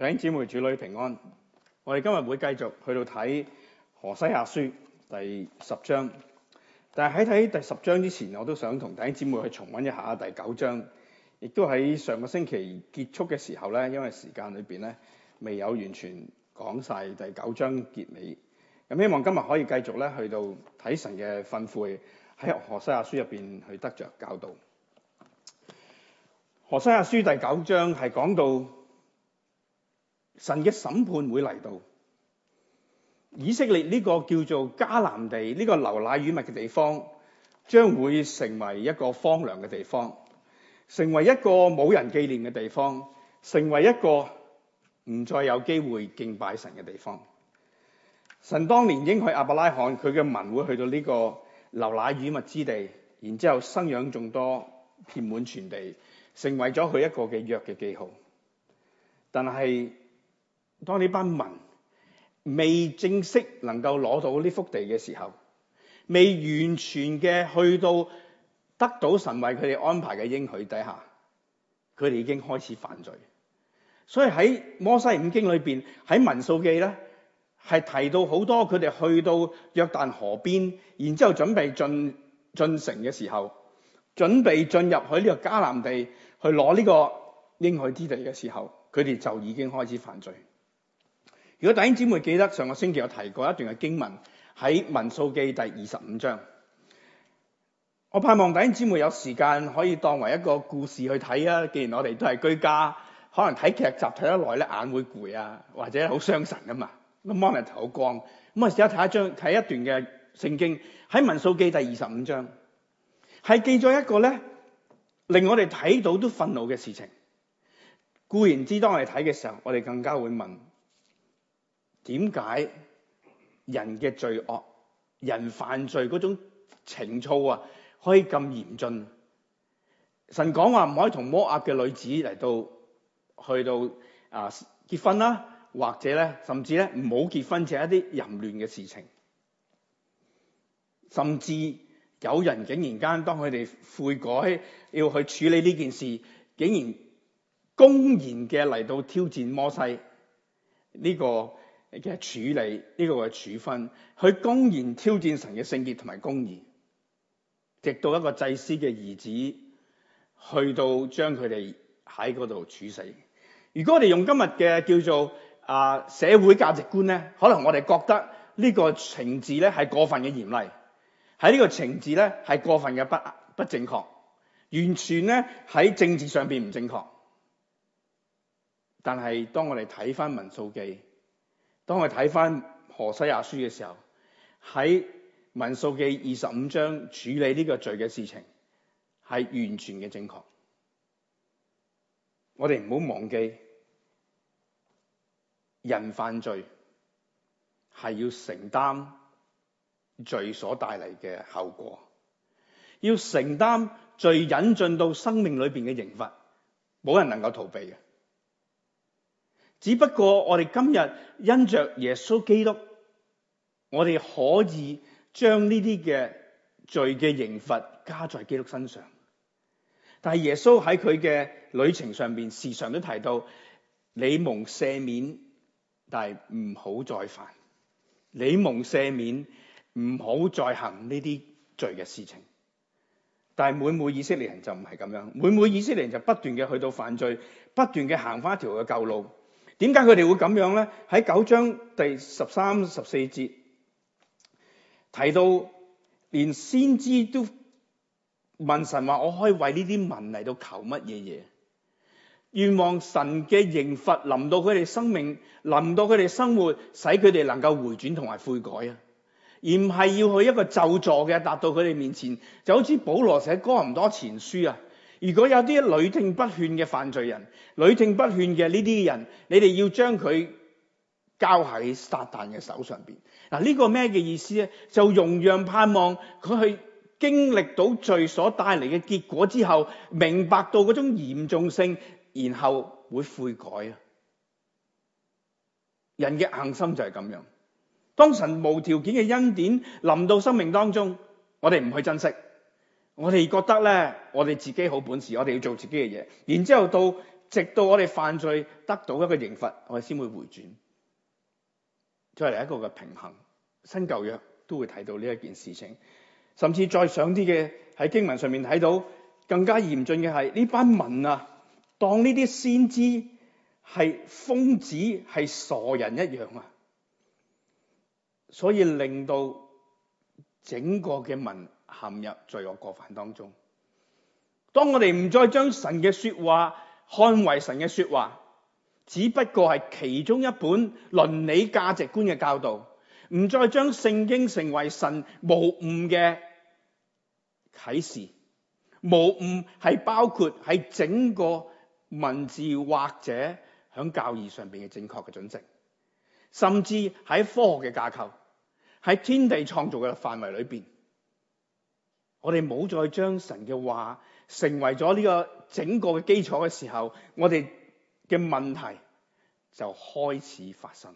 弟兄姊妹、主女平安。我哋今日會繼續去到睇何西阿書第十章，但係喺睇第十章之前，我都想同弟兄姊妹去重温一下第九章。亦都喺上個星期結束嘅時候咧，因為時間裏邊咧未有完全講晒第九章結尾。咁希望今日可以繼續咧去到睇神嘅訓誨，喺何西阿書入邊去得着教導。何西阿書第九章係講到。神嘅審判會嚟到，以色列呢個叫做迦南地呢個流奶與蜜嘅地方，將會成為一個荒涼嘅地方，成為一個冇人紀念嘅地方，成為一個唔再有機會敬拜神嘅地方。神當年應許亞伯拉罕佢嘅民會去到呢個流奶與蜜之地，然之後生養眾多，填滿全地，成為咗佢一個嘅約嘅記號，但係，當呢班民未正式能夠攞到呢幅地嘅時候，未完全嘅去到得到神為佢哋安排嘅應許底下，佢哋已經開始犯罪。所以喺摩西五經裏面，喺民數記咧係提到好多佢哋去到約旦河邊，然之後準備進進城嘅時候，準備進入去呢個迦南地去攞呢個應許之地嘅時候，佢哋就已經開始犯罪。如果弟兄姊妹記得上個星期我提過一段嘅經文喺民數記第二十五章，我盼望弟兄姊妹有時間可以當為一個故事去睇啊。既然我哋都係居家，可能睇劇集睇得耐咧，眼會攰啊，或者好傷神啊嘛。咁望日頭好光，咁我試一睇一章睇一段嘅聖經喺民數記第二十五章，係記咗一個咧令我哋睇到都憤怒嘅事情。固然之，當我哋睇嘅時候，我哋更加會問。點解人嘅罪惡、人犯罪嗰種情操啊，可以咁嚴峻？神講話唔可以同摩押嘅女子嚟到去到啊結婚啦、啊，或者咧，甚至咧唔好結婚，淨係一啲淫亂嘅事情。甚至有人竟然間當佢哋悔改，要去處理呢件事，竟然公然嘅嚟到挑戰摩西呢個嘅處理呢、這個嘅處分，佢公然挑戰神嘅聖潔同埋公義，直到一個祭司嘅兒子去到將佢哋喺嗰度處死。如果我哋用今日嘅叫做啊社會價值觀咧，可能我哋覺得呢個懲治咧係過分嘅嚴厲，喺呢個懲治咧係過分嘅不不正確，完全咧喺政治上面唔正確。但係當我哋睇翻民數記。當我哋睇返何西阿書嘅時候，喺民數記二十五章處理呢個罪嘅事情係完全嘅正確。我哋唔好忘記，人犯罪係要承擔罪所帶嚟嘅後果，要承擔罪引進到生命裏面嘅刑罰，冇人能夠逃避嘅。只不過，我哋今日因着耶穌基督，我哋可以將呢啲嘅罪嘅刑罰加在基督身上。但係耶穌喺佢嘅旅程上邊，時常都提到：你蒙赦免，但係唔好再犯；你蒙赦免，唔好再行呢啲罪嘅事情。但係，每每以色列人就唔係咁樣，每每以色列人就不斷嘅去到犯罪，不斷嘅行翻一條嘅舊路。點解佢哋會咁樣咧？喺九章第十三、十四節提到，連先知都問神話：我可以為呢啲文嚟到求乜嘢嘢？願望神嘅刑罰臨到佢哋生命，臨到佢哋生活，使佢哋能夠回轉同埋悔改啊！而唔係要去一個咒詛嘅達到佢哋面前，就好似保羅寫哥林多前書啊。如果有啲屢聽不勸嘅犯罪人，屢聽不勸嘅呢啲人，你哋要將佢交喺撒旦嘅手上邊。嗱，呢個咩嘅意思咧？就容讓盼望佢去經歷到罪所帶嚟嘅結果之後，明白到嗰種嚴重性，然後會悔改啊！人嘅硬心就係咁樣，當神無條件嘅恩典臨到生命當中，我哋唔去珍惜。我哋覺得咧，我哋自己好本事，我哋要做自己嘅嘢，然之後到直到我哋犯罪得到一個刑罰，我哋先會回轉。再嚟一個嘅平衡，新舊約都會睇到呢一件事情。甚至再上啲嘅喺經文上面睇到，更加嚴峻嘅係呢班民啊，當呢啲先知係瘋子係傻人一樣啊，所以令到整個嘅民。陷入罪惡過犯當中。當我哋唔再將神嘅說話看為神嘅說話，只不過係其中一本倫理價值觀嘅教導，唔再將聖經成為神無誤嘅啟示，無誤係包括喺整個文字或者喺教義上邊嘅正確嘅準則，甚至喺科學嘅架構，喺天地創造嘅範圍裏邊。我哋冇再將神嘅話成為咗呢個整個嘅基礎嘅時候，我哋嘅問題就開始發生。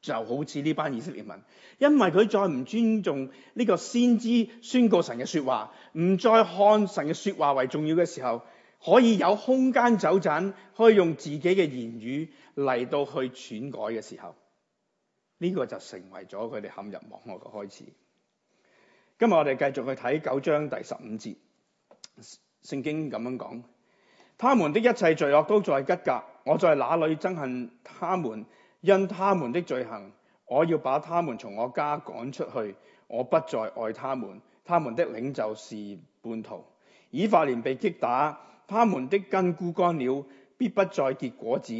就好似呢班以色列民，因為佢再唔尊重呢個先知宣告神嘅說話，唔再看神嘅說話為重要嘅時候，可以有空間走盞，可以用自己嘅言語嚟到去篡改嘅時候，呢、這個就成為咗佢哋陷入網羅嘅開始。今日我哋繼續去睇九章第十五節，聖經咁樣講，他們的一切罪惡都在吉格，我在那裏憎恨他們，因他們的罪行，我要把他們從我家趕出去。我不再愛他們。他們的領袖是叛徒，以法蓮被擊打，他們的根枯乾了，必不再結果子。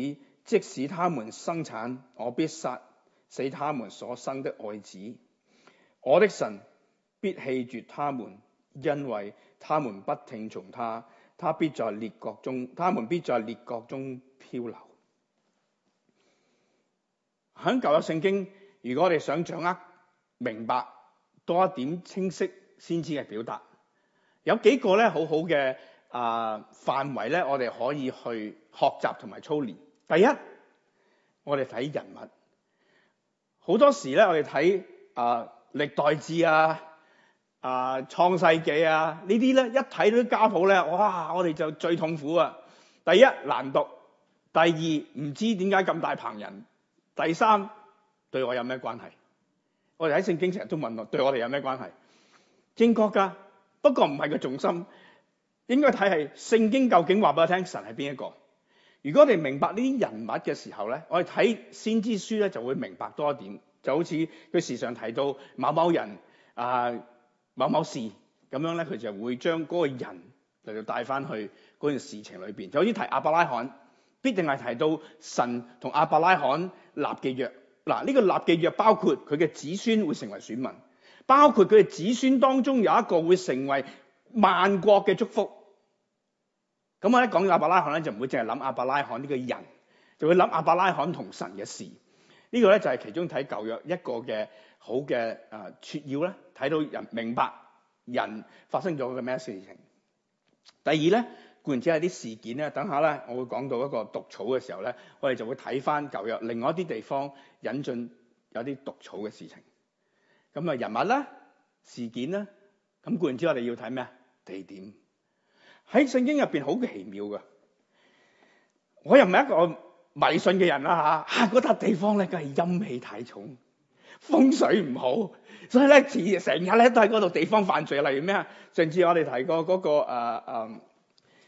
即使他們生產，我必殺死他們所生的愛子。我的神。必棄絕他們，因為他們不聽從他。他必在列國中，他們必在列國中漂流。喺舊約聖經，如果我哋想掌握、明白多一點清晰先知嘅表達，有幾個咧好好嘅啊範圍咧，呃、我哋可以去學習同埋操練。第一，我哋睇人物。好多時咧，我哋睇啊歷代志啊。啊，創世紀啊，呢啲咧一睇到啲家譜咧，哇！我哋就最痛苦啊。第一難讀，第二唔知點解咁大棚人，第三對我有咩關係？我哋喺聖經成日都問我，對我哋有咩關係？正確㗎，不過唔係個重心，應該睇係聖經究竟話俾我聽，神係邊一個？如果我哋明白呢啲人物嘅時候咧，我哋睇先知書咧就會明白多一點。就好似佢時常提到某某人啊。某某事咁樣咧，佢就會將嗰個人嚟到帶翻去嗰件事情裏邊。就好似提亞伯拉罕，必定係提到神同亞伯拉罕立嘅約。嗱，呢個立嘅約包括佢嘅子孫會成為選民，包括佢嘅子孫當中有一個會成為萬國嘅祝福。咁我咧講亞伯拉罕咧，就唔會淨係諗亞伯拉罕呢個人，就會諗亞伯拉罕同神嘅事。呢、這個咧就係其中睇舊約一個嘅。好嘅啊！撮要咧，睇到人明白人發生咗嘅咩事情。第二咧，固然之係啲事件咧，等下咧我會講到一個毒草嘅時候咧，我哋就會睇翻舊約另外一啲地方引進有啲毒草嘅事情。咁啊，人物啦，事件啦，咁固然之我哋要睇咩地點喺聖經入邊好奇妙噶。我又唔係一個迷信嘅人啦吓，嗰笪、嗰個地方咧，梗係陰氣太重。風水唔好，所以咧成日咧都喺嗰度地方犯罪。例如咩啊？上次我哋提過嗰、嗰個誒呢、啊啊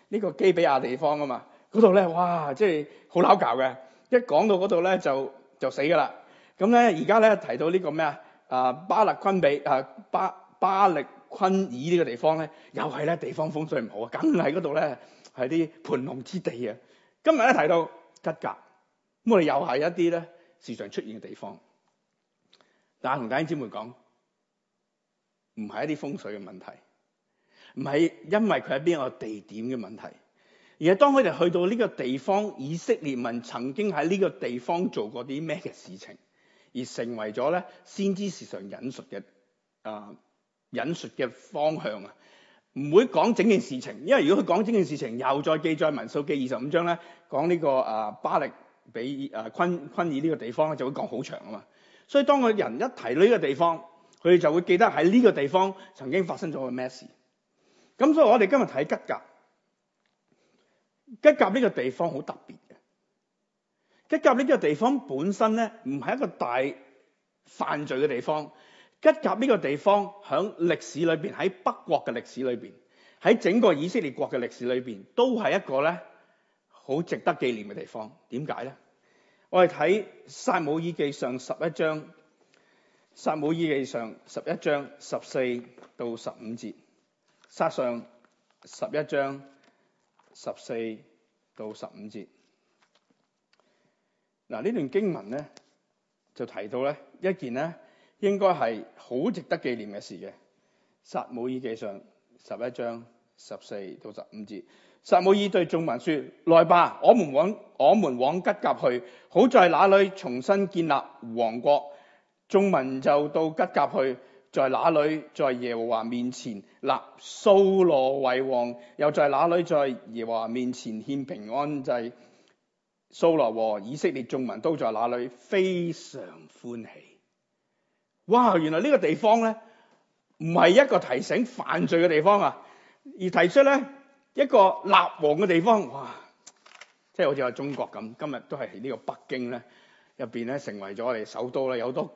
呢個基比亞地方啊嘛，嗰度咧哇，即係好撈搞嘅。一講到嗰度咧就就死㗎啦。咁咧而家咧提到呢個咩啊？啊巴勒昆比啊巴巴力昆爾呢個地方咧，又係咧地方風水唔好啊，梗係嗰度咧係啲盤龍之地啊。今日咧提到吉格，咁我哋又係一啲咧時常出現嘅地方。但同弟兄姊妹講，唔係一啲風水嘅問題，唔係因為佢喺邊個地點嘅問題，而係當佢哋去到呢個地方，以色列民曾經喺呢個地方做過啲咩嘅事情，而成為咗咧先知時常引述嘅啊引述嘅方向啊，唔會講整件事情，因為如果佢講整件事情，又再記載民數記二十五章咧，講呢個啊巴力比啊昆昆耳呢個地方咧，就會講好長啊嘛。所以當個人一提到呢個地方，佢就會記得喺呢個地方曾經發生咗個咩事。咁所以我哋今日睇吉甲，吉甲呢個地方好特別嘅。吉甲呢個地方本身咧唔係一個大犯罪嘅地方。吉甲呢個地方喺歷史裏面，喺北國嘅歷史裏面，喺整個以色列國嘅歷史裏面，都係一個咧好值得紀念嘅地方。點解咧？我哋睇撒母耳記上十一章，撒母耳記上十一章十四到十五節，撒上十一章十四到十五節。嗱，呢段經文咧就提到咧一件咧應該係好值得紀念嘅事嘅，撒姆耳記上十一章十四到十五節。撒母耳對眾民說：來吧，我們往我們往吉甲去，好在那裏重新建立王國。眾民就到吉甲去，在那裏在耶和華面前立蘇羅為王，又在那裏在耶和華面前獻平安祭。蘇羅和以色列眾民都在那裏，非常歡喜。哇！原來呢個地方咧，唔係一個提醒犯罪嘅地方啊，而提出咧。一個立王嘅地方，哇！即係好似話中國咁，今日都係呢個北京咧入邊咧，面成為咗我哋首都啦，有好多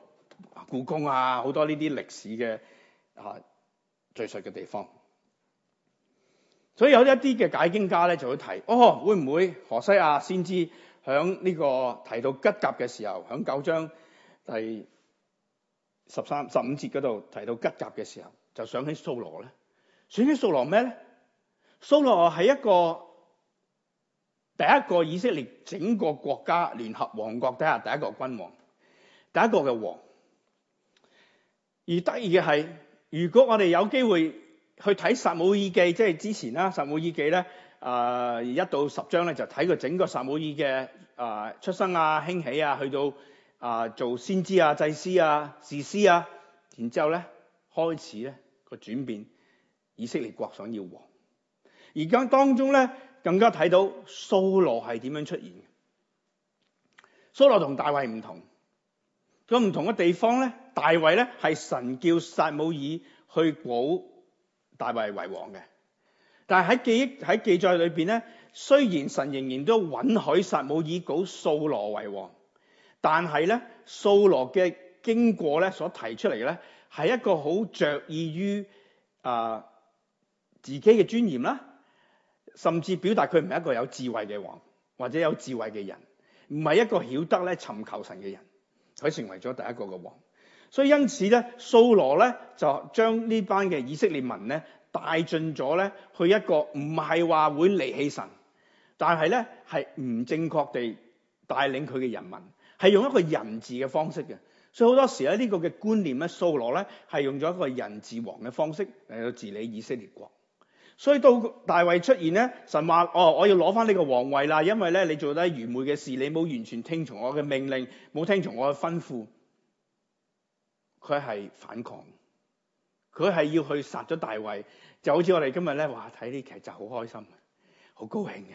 故宮啊，好多呢啲歷史嘅啊最熟嘅地方。所以有一啲嘅解經家咧，就會提哦，會唔會何西阿先知喺呢個提到吉甲嘅時候，喺九章第十三十五節嗰度提到吉甲嘅時候，就想起掃羅咧？想起掃羅咩咧？掃羅啊，係一個第一個以色列整個國家聯合王國底下第一個君王，第一個嘅王。而得意嘅係，如果我哋有機會去睇《撒母耳記》，即係之前啦，《撒母耳記》咧，誒一到十章咧，就睇佢整個撒母耳嘅誒出生啊、興起啊，去到啊、呃、做先知啊、祭司啊、士師啊，然之後咧開始咧個轉變，以色列國想要王。而家當中咧，更加睇到掃羅係點樣出現嘅。掃羅同大衛唔同，咁唔同嘅地方咧，大衛咧係神叫撒母耳去膏大衛為王嘅。但係喺記憶喺記載裏邊咧，雖然神仍然都允許撒母耳膏掃羅為王，但係咧掃羅嘅經過咧所提出嚟咧係一個好着意於啊、呃、自己嘅尊嚴啦。甚至表達佢唔係一個有智慧嘅王，或者有智慧嘅人，唔係一個曉得咧尋求神嘅人，佢成為咗第一個嘅王。所以因此咧，掃羅咧就將呢班嘅以色列民咧帶進咗咧去一個唔係話會離棄神，但係咧係唔正確地帶領佢嘅人民，係用一個人治嘅方式嘅。所以好多時咧呢個嘅觀念咧，掃羅咧係用咗一個人治王嘅方式嚟到治理以色列國。所以到大衛出現咧，神話哦，我要攞翻呢個皇位啦，因為咧你做低愚昧嘅事，你冇完全聽從我嘅命令，冇聽從我嘅吩咐，佢係反抗，佢係要去殺咗大衛，就好似我哋今日咧，哇睇呢劇集好開心，好高興嘅，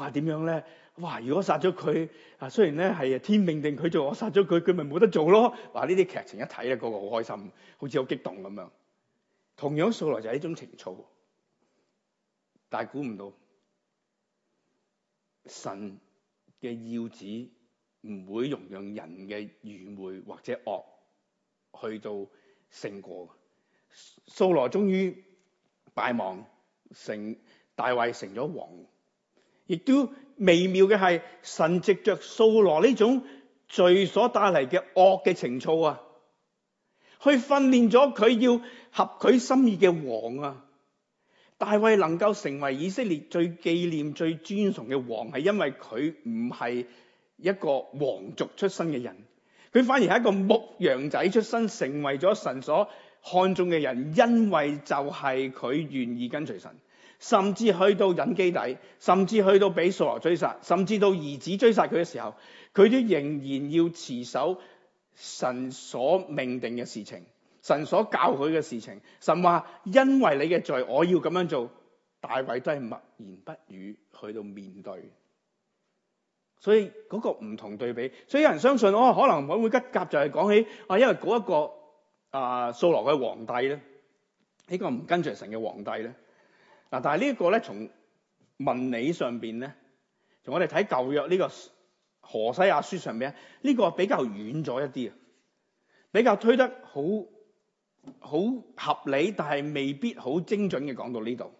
哇點樣咧？哇如果殺咗佢啊，雖然咧係天命定佢做，我殺咗佢，佢咪冇得做咯？哇呢啲劇情一睇咧，那個個好開心，好似好激動咁樣，同樣數來就係呢種情操。但係估唔到，神嘅要旨唔會容讓人嘅愚昧或者惡去到勝過。掃羅終於敗亡，成大衛成咗王，亦都微妙嘅係神藉着掃羅呢種罪所帶嚟嘅惡嘅情操啊，去訓練咗佢要合佢心意嘅王啊。大衛能夠成為以色列最紀念、最尊崇嘅王，係因為佢唔係一個皇族出身嘅人，佢反而係一個牧羊仔出身，成為咗神所看中嘅人，因為就係佢願意跟隨神，甚至去到隱基底，甚至去到俾掃羅追殺，甚至到兒子追殺佢嘅時候，佢都仍然要持守神所命定嘅事情。神所教佢嘅事情，神話因為你嘅罪，我要咁樣做。大衛都係默言不語去到面對，所以嗰、那個唔同對比。所以有人相信哦，可能會會吉甲就係講起啊，因為嗰、那、一個啊掃羅嘅皇帝咧，呢、這個唔跟住神嘅皇帝咧。嗱、啊，但係呢一個咧從文理上邊咧，從我哋睇舊約呢個何西阿書上邊啊呢個比較遠咗一啲，比較推得好。好合理，但係未必好精準嘅講到呢度。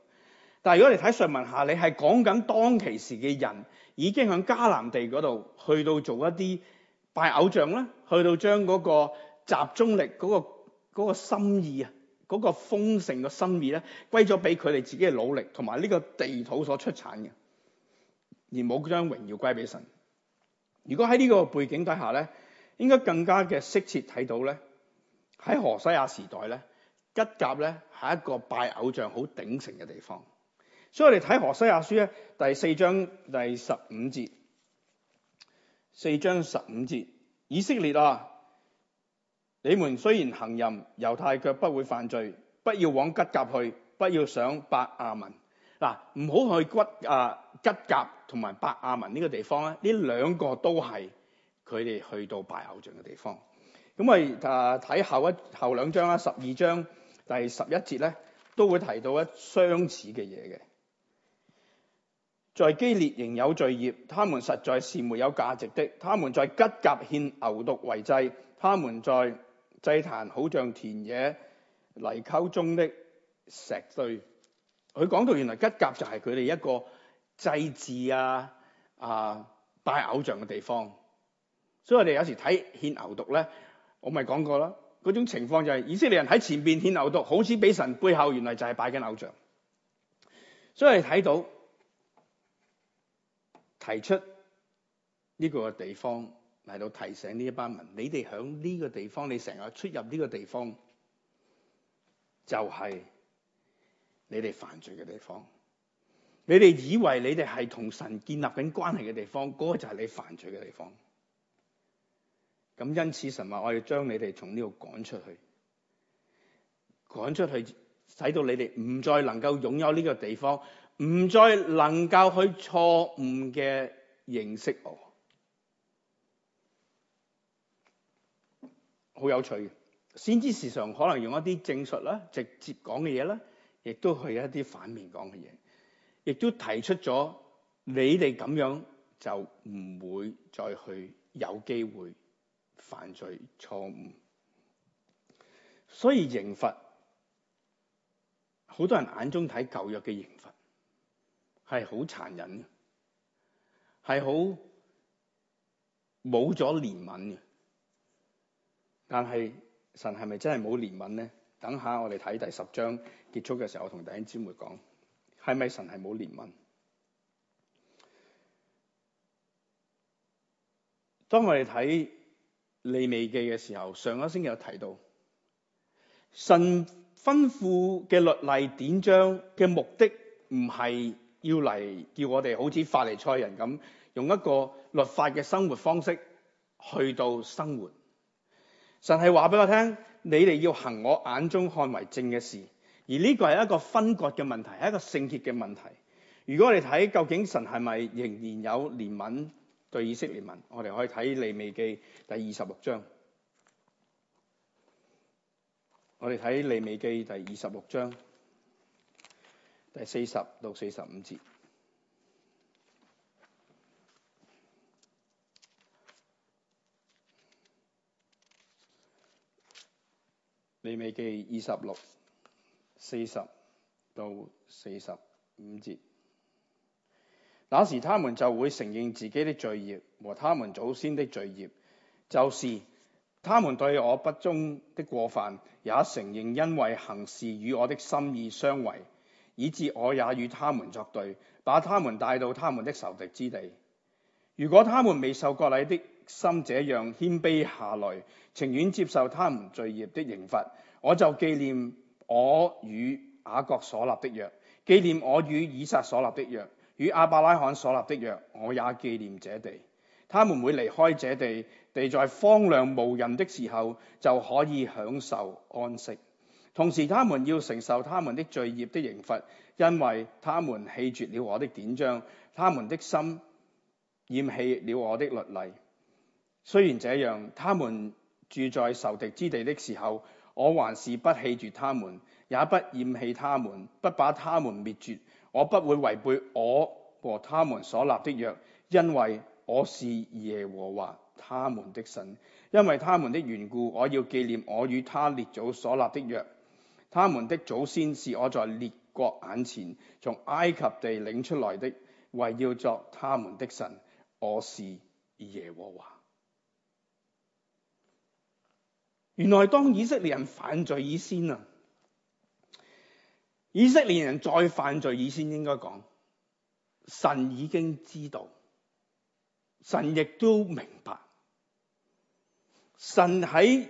但係如果你睇上文下理係講緊當其時嘅人已經響迦南地嗰度，去到做一啲拜偶像啦，去到將嗰個集中力、嗰、嗰個、嗰個心意啊、嗰、嗰個豐盛嘅心意咧，歸咗俾佢哋自己嘅努力同埋呢個地土所出產嘅，而冇將榮耀歸俾神。如果喺呢個背景底下咧，應該更加嘅適切睇到咧。喺河西亞時代咧，吉甲咧係一個拜偶像好鼎盛嘅地方，所以我哋睇河西亞書咧第四章第十五節，四章十五節，以色列啊，你們雖然行任猶太卻不會犯罪，不要往吉甲去，不要上白亞文，嗱、啊，唔好去骨啊吉甲同埋白亞文呢個地方咧，呢兩個都係佢哋去到拜偶像嘅地方。咁啊！睇後一後兩章啦，十二章第十一節咧，都會提到一相似嘅嘢嘅。在基列仍有罪孽，他們實在是沒有價值的。他們在吉甲獻牛犢為祭，他們在祭壇好像田野泥溝中的石堆。佢講到原來吉甲就係佢哋一個祭祀啊啊拜偶像嘅地方，所以我哋有時睇獻牛犢咧。我咪講過啦，嗰種情況就係、是、以色列人喺前邊獻牛犢，好似俾神背後，原來就係拜緊偶像。所以你睇到提出呢個地方嚟到提醒呢一班民，你哋響呢個地方，你成日出入呢個地方，就係、是、你哋犯罪嘅地方。你哋以為你哋係同神建立緊關係嘅地方，嗰、那個就係你犯罪嘅地方。咁因此神話，我要將你哋從呢度趕出去，趕出去，使到你哋唔再能夠擁有呢個地方，唔再能夠去錯誤嘅認識我。好有趣嘅，先知時常可能用一啲正述啦，直接講嘅嘢啦，亦都係一啲反面講嘅嘢，亦都提出咗你哋咁樣就唔會再去有機會犯罪錯誤，所以刑罰，好多人眼中睇舊約嘅刑罰係好殘忍嘅，係好冇咗憐憫嘅。但係神係咪真係冇憐憫咧？等下我哋睇第十章結束嘅時候，我同弟兄姊妹講，係咪神係冇憐憫？當我哋睇利未記嘅時候，上一星期有提到，神吩咐嘅律例典章嘅目的唔係要嚟叫我哋好似法利賽人咁，用一個律法嘅生活方式去到生活。神係話俾我聽，你哋要行我眼中看為正嘅事。而呢個係一個分割嘅問題，係一個聖潔嘅問題。如果我哋睇究竟神係咪仍然有憐憫？對以色列民，我哋可以睇利未記第二十六章。我哋睇利未記第二十六章第四十到四十五節。利未記二十六、四十到四十五節。那時，他們就會承認自己的罪孽和他們祖先的罪孽，就是他們對我不忠的過犯，也承認因為行事與我的心意相違，以致我也與他們作對，把他們帶到他們的仇敵之地。如果他們未受割禮的心這樣謙卑下來，情願接受他們罪孽的刑罰，我就紀念我與雅各所立的約，紀念我與以撒所立的約。與亞伯拉罕所立的約，我也記念這地。他們會離開這地，地在荒涼無人的時候就可以享受安息。同時，他們要承受他們的罪孽的刑罰，因為他們棄絕了我的典章，他們的心厭棄了我的律例。雖然這樣，他們住在仇敵之地的時候，我還是不棄絕他們，也不厭棄他們，不把他們滅絕。我不會違背我和他們所立的約，因為我是耶和華他們的神，因為他們的緣故，我要紀念我與他列祖所立的約。他們的祖先是我在列國眼前從埃及地領出來的，為要作他們的神。我是耶和華。原來當以色列人犯罪以先啊。以色列人再犯罪，以先應該講，神已經知道，神亦都明白，神喺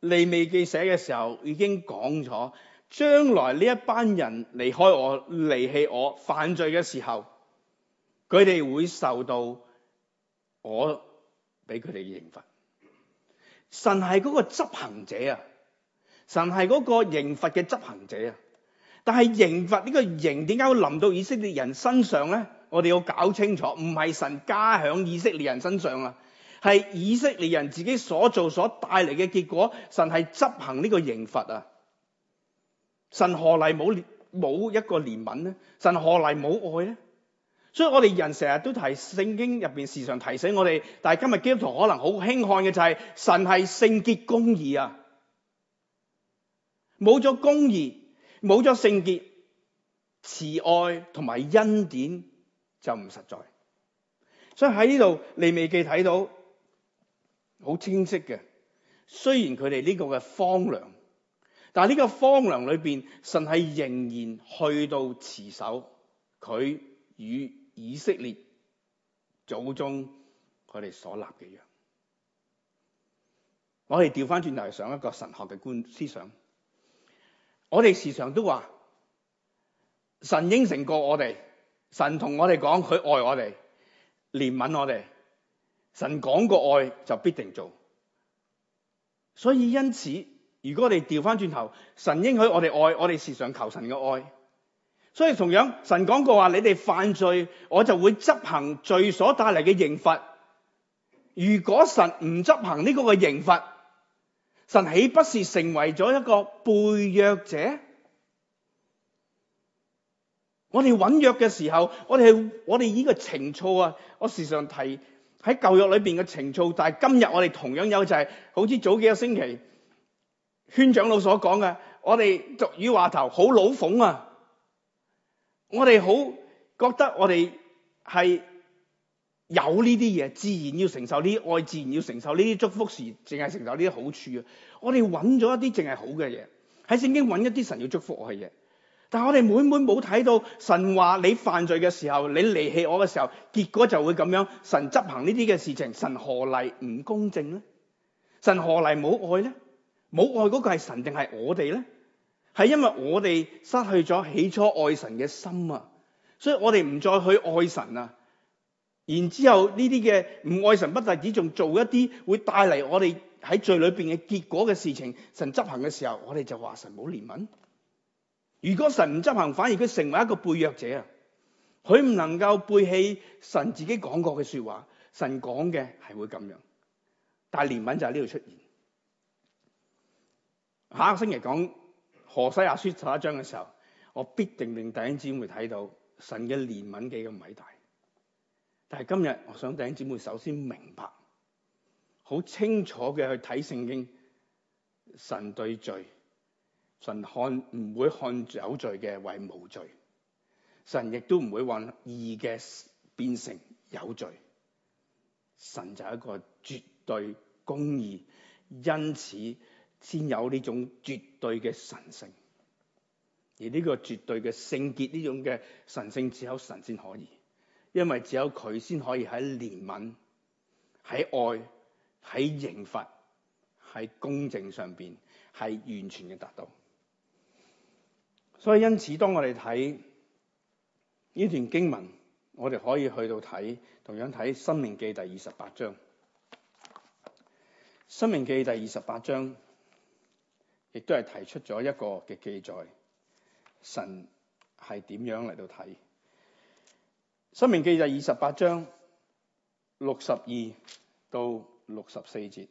利未記寫嘅時候已經講咗，將來呢一班人離開我、離棄我犯罪嘅時候，佢哋會受到我俾佢哋嘅刑罰。神係嗰個執行者啊，神係嗰個刑罰嘅執行者啊。但係刑罰呢個刑點解會臨到以色列人身上咧？我哋要搞清楚，唔係神加響以色列人身上啊，係以色列人自己所做所帶嚟嘅結果，神係執行呢個刑罰啊！神何嚟冇冇一個憐憫呢？神何嚟冇愛呢？所以我哋人成日都提聖經入邊時常提醒我哋，但係今日基督徒可能好輕看嘅就係神係聖潔公義啊，冇咗公義。冇咗聖潔、慈愛同埋恩典就唔實在，所以喺呢度利未記睇到好清晰嘅。雖然佢哋呢個嘅荒涼，但呢個荒涼裏面，神係仍然去到持守佢與以色列祖宗佢哋所立嘅約，我哋調翻轉頭嚟上一個神學嘅觀思想。我哋時常都話，神應承過我哋，神同我哋講佢愛我哋，憐憫我哋，神講過愛就必定做，所以因此，如果我哋調翻轉頭，神應許我哋愛，我哋時常求神嘅愛，所以同樣神講過話，你哋犯罪，我就會執行罪所帶嚟嘅刑罰。如果神唔執行呢個嘅刑罰，神豈不是成為咗一個背約者？我哋揾約嘅時候，我哋係我哋呢個情操啊！我時常提喺舊約裏邊嘅情操。但係今日我哋同樣有就係、是，好似早幾個星期圈長老所講嘅，我哋俗語話頭好老諷啊！我哋好覺得我哋係。有呢啲嘢，自然要承受呢啲愛，自然要承受呢啲祝福時，自然淨係承受呢啲好處啊！我哋揾咗一啲淨係好嘅嘢，喺聖經揾一啲神要祝福我嘅嘢，但係我哋每每冇睇到神話你犯罪嘅時候，你離棄我嘅時候，結果就會咁樣。神執行呢啲嘅事情，神何嚟唔公正咧？神何嚟冇愛咧？冇愛嗰個係神定係我哋咧？係因為我哋失去咗起初愛神嘅心啊！所以我哋唔再去愛神啊！然之後呢啲嘅唔愛神，不但止仲做一啲會帶嚟我哋喺罪裏邊嘅結果嘅事情，神執行嘅時候，我哋就話神冇憐憫。如果神唔執行，反而佢成為一個背約者啊！佢唔能夠背棄神自己講過嘅説話，神講嘅係會咁樣。但係憐憫就喺呢度出現。下一個星期講何西阿書下一章嘅時候，我必定令弟兄姊妹睇到神嘅憐憫幾咁偉大。但係今日，我想弟兄姊妹首先明白，好清楚嘅去睇聖經，神對罪，神看唔會看有罪嘅為無罪，神亦都唔會話義嘅變成有罪，神就係一個絕對公義，因此先有呢種絕對嘅神聖，而呢個絕對嘅聖潔呢種嘅神聖，只有神先可以。因為只有佢先可以喺憐憫、喺愛、喺刑罰、喺公正上邊係完全嘅達到。所以因此，當我哋睇呢段經文，我哋可以去到睇同樣睇《申命記》第二十八章，《申命記》第二十八章亦都係提出咗一個嘅記載，神係點樣嚟到睇。申命記就二十八章六十二到六十四節。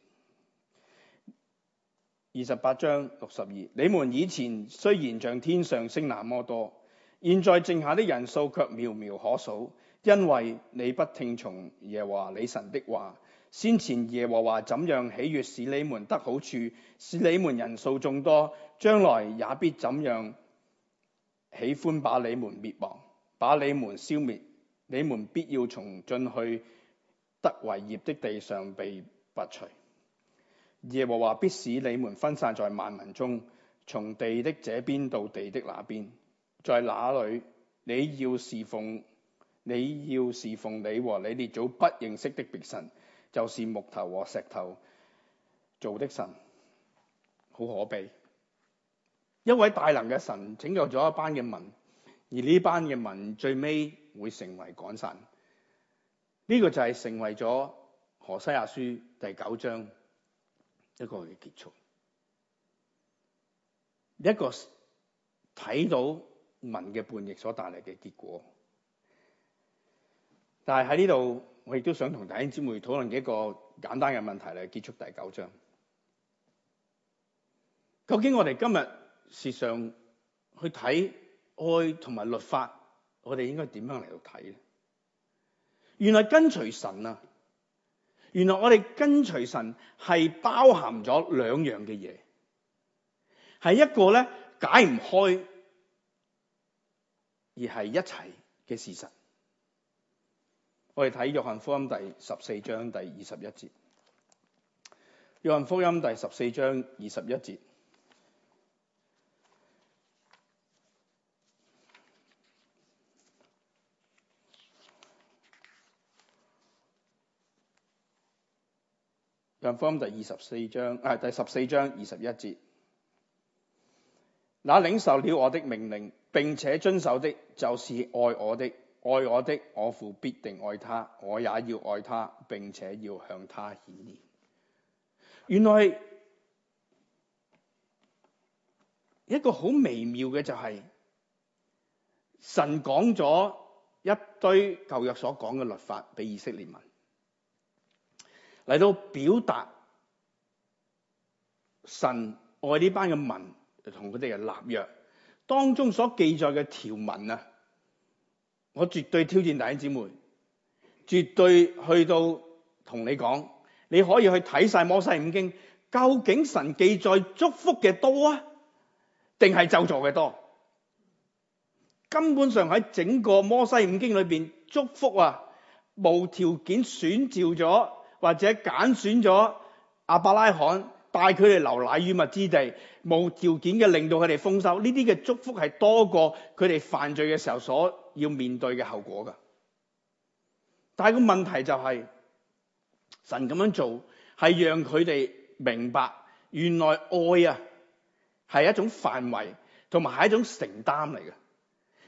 二十八章六十二，你們以前雖然像天上星那麼多，現在剩下的人數却寥寥可數，因為你不聽從耶和華你神的話。先前耶和華怎樣喜悦使你們得好處，使你們人數眾多，將來也必怎樣喜歡把你們滅亡，把你們消滅。你們必要從進去得為業的地上被拔除。耶和華必使你們分散在萬民中，從地的這邊到地的那邊，在哪裏你要侍奉，你要侍奉你和你列祖不認識的別神，就是木頭和石頭做的神，好可悲！一位大能嘅神拯救咗一班嘅民，而呢班嘅民最尾。會成為趕散，呢、這個就係成為咗何西阿書第九章一個嘅結束，一個睇到民嘅叛逆所帶嚟嘅結果。但係喺呢度，我亦都想同弟兄姊妹討論嘅一個簡單嘅問題嚟，結束第九章。究竟我哋今日時常去睇愛同埋律法？我哋應該點樣嚟到睇？原來跟隨神啊，原來我哋跟隨神係包含咗兩樣嘅嘢，係一個呢解唔開，而係一齊嘅事實。我哋睇約翰福音第十四章第二十一節。約翰福音第十四章二十一節。《福音》第二十四章啊，第十四章二十一節。那領受了我的命令並且遵守的，就是愛我的，愛我的，我父必定愛他，我也要愛他並且要向他顯現。原來一個好微妙嘅就係、是、神講咗一堆舊約所講嘅律法俾以色列民。嚟到表達神愛呢班嘅民，同佢哋嘅立約當中所記載嘅條文啊，我絕對挑戰弟兄姊妹，絕對去到同你講，你可以去睇晒摩西五經，究竟神記載祝福嘅多啊，定係咒詛嘅多？根本上喺整個摩西五經裏邊，祝福啊無條件選召咗。或者揀選咗亞伯拉罕，帶佢哋流奶與蜜之地，無條件嘅令到佢哋豐收，呢啲嘅祝福係多過佢哋犯罪嘅時候所要面對嘅後果噶。但係個問題就係，神咁樣做係讓佢哋明白，原來愛啊係一種範圍，同埋係一種承擔嚟嘅。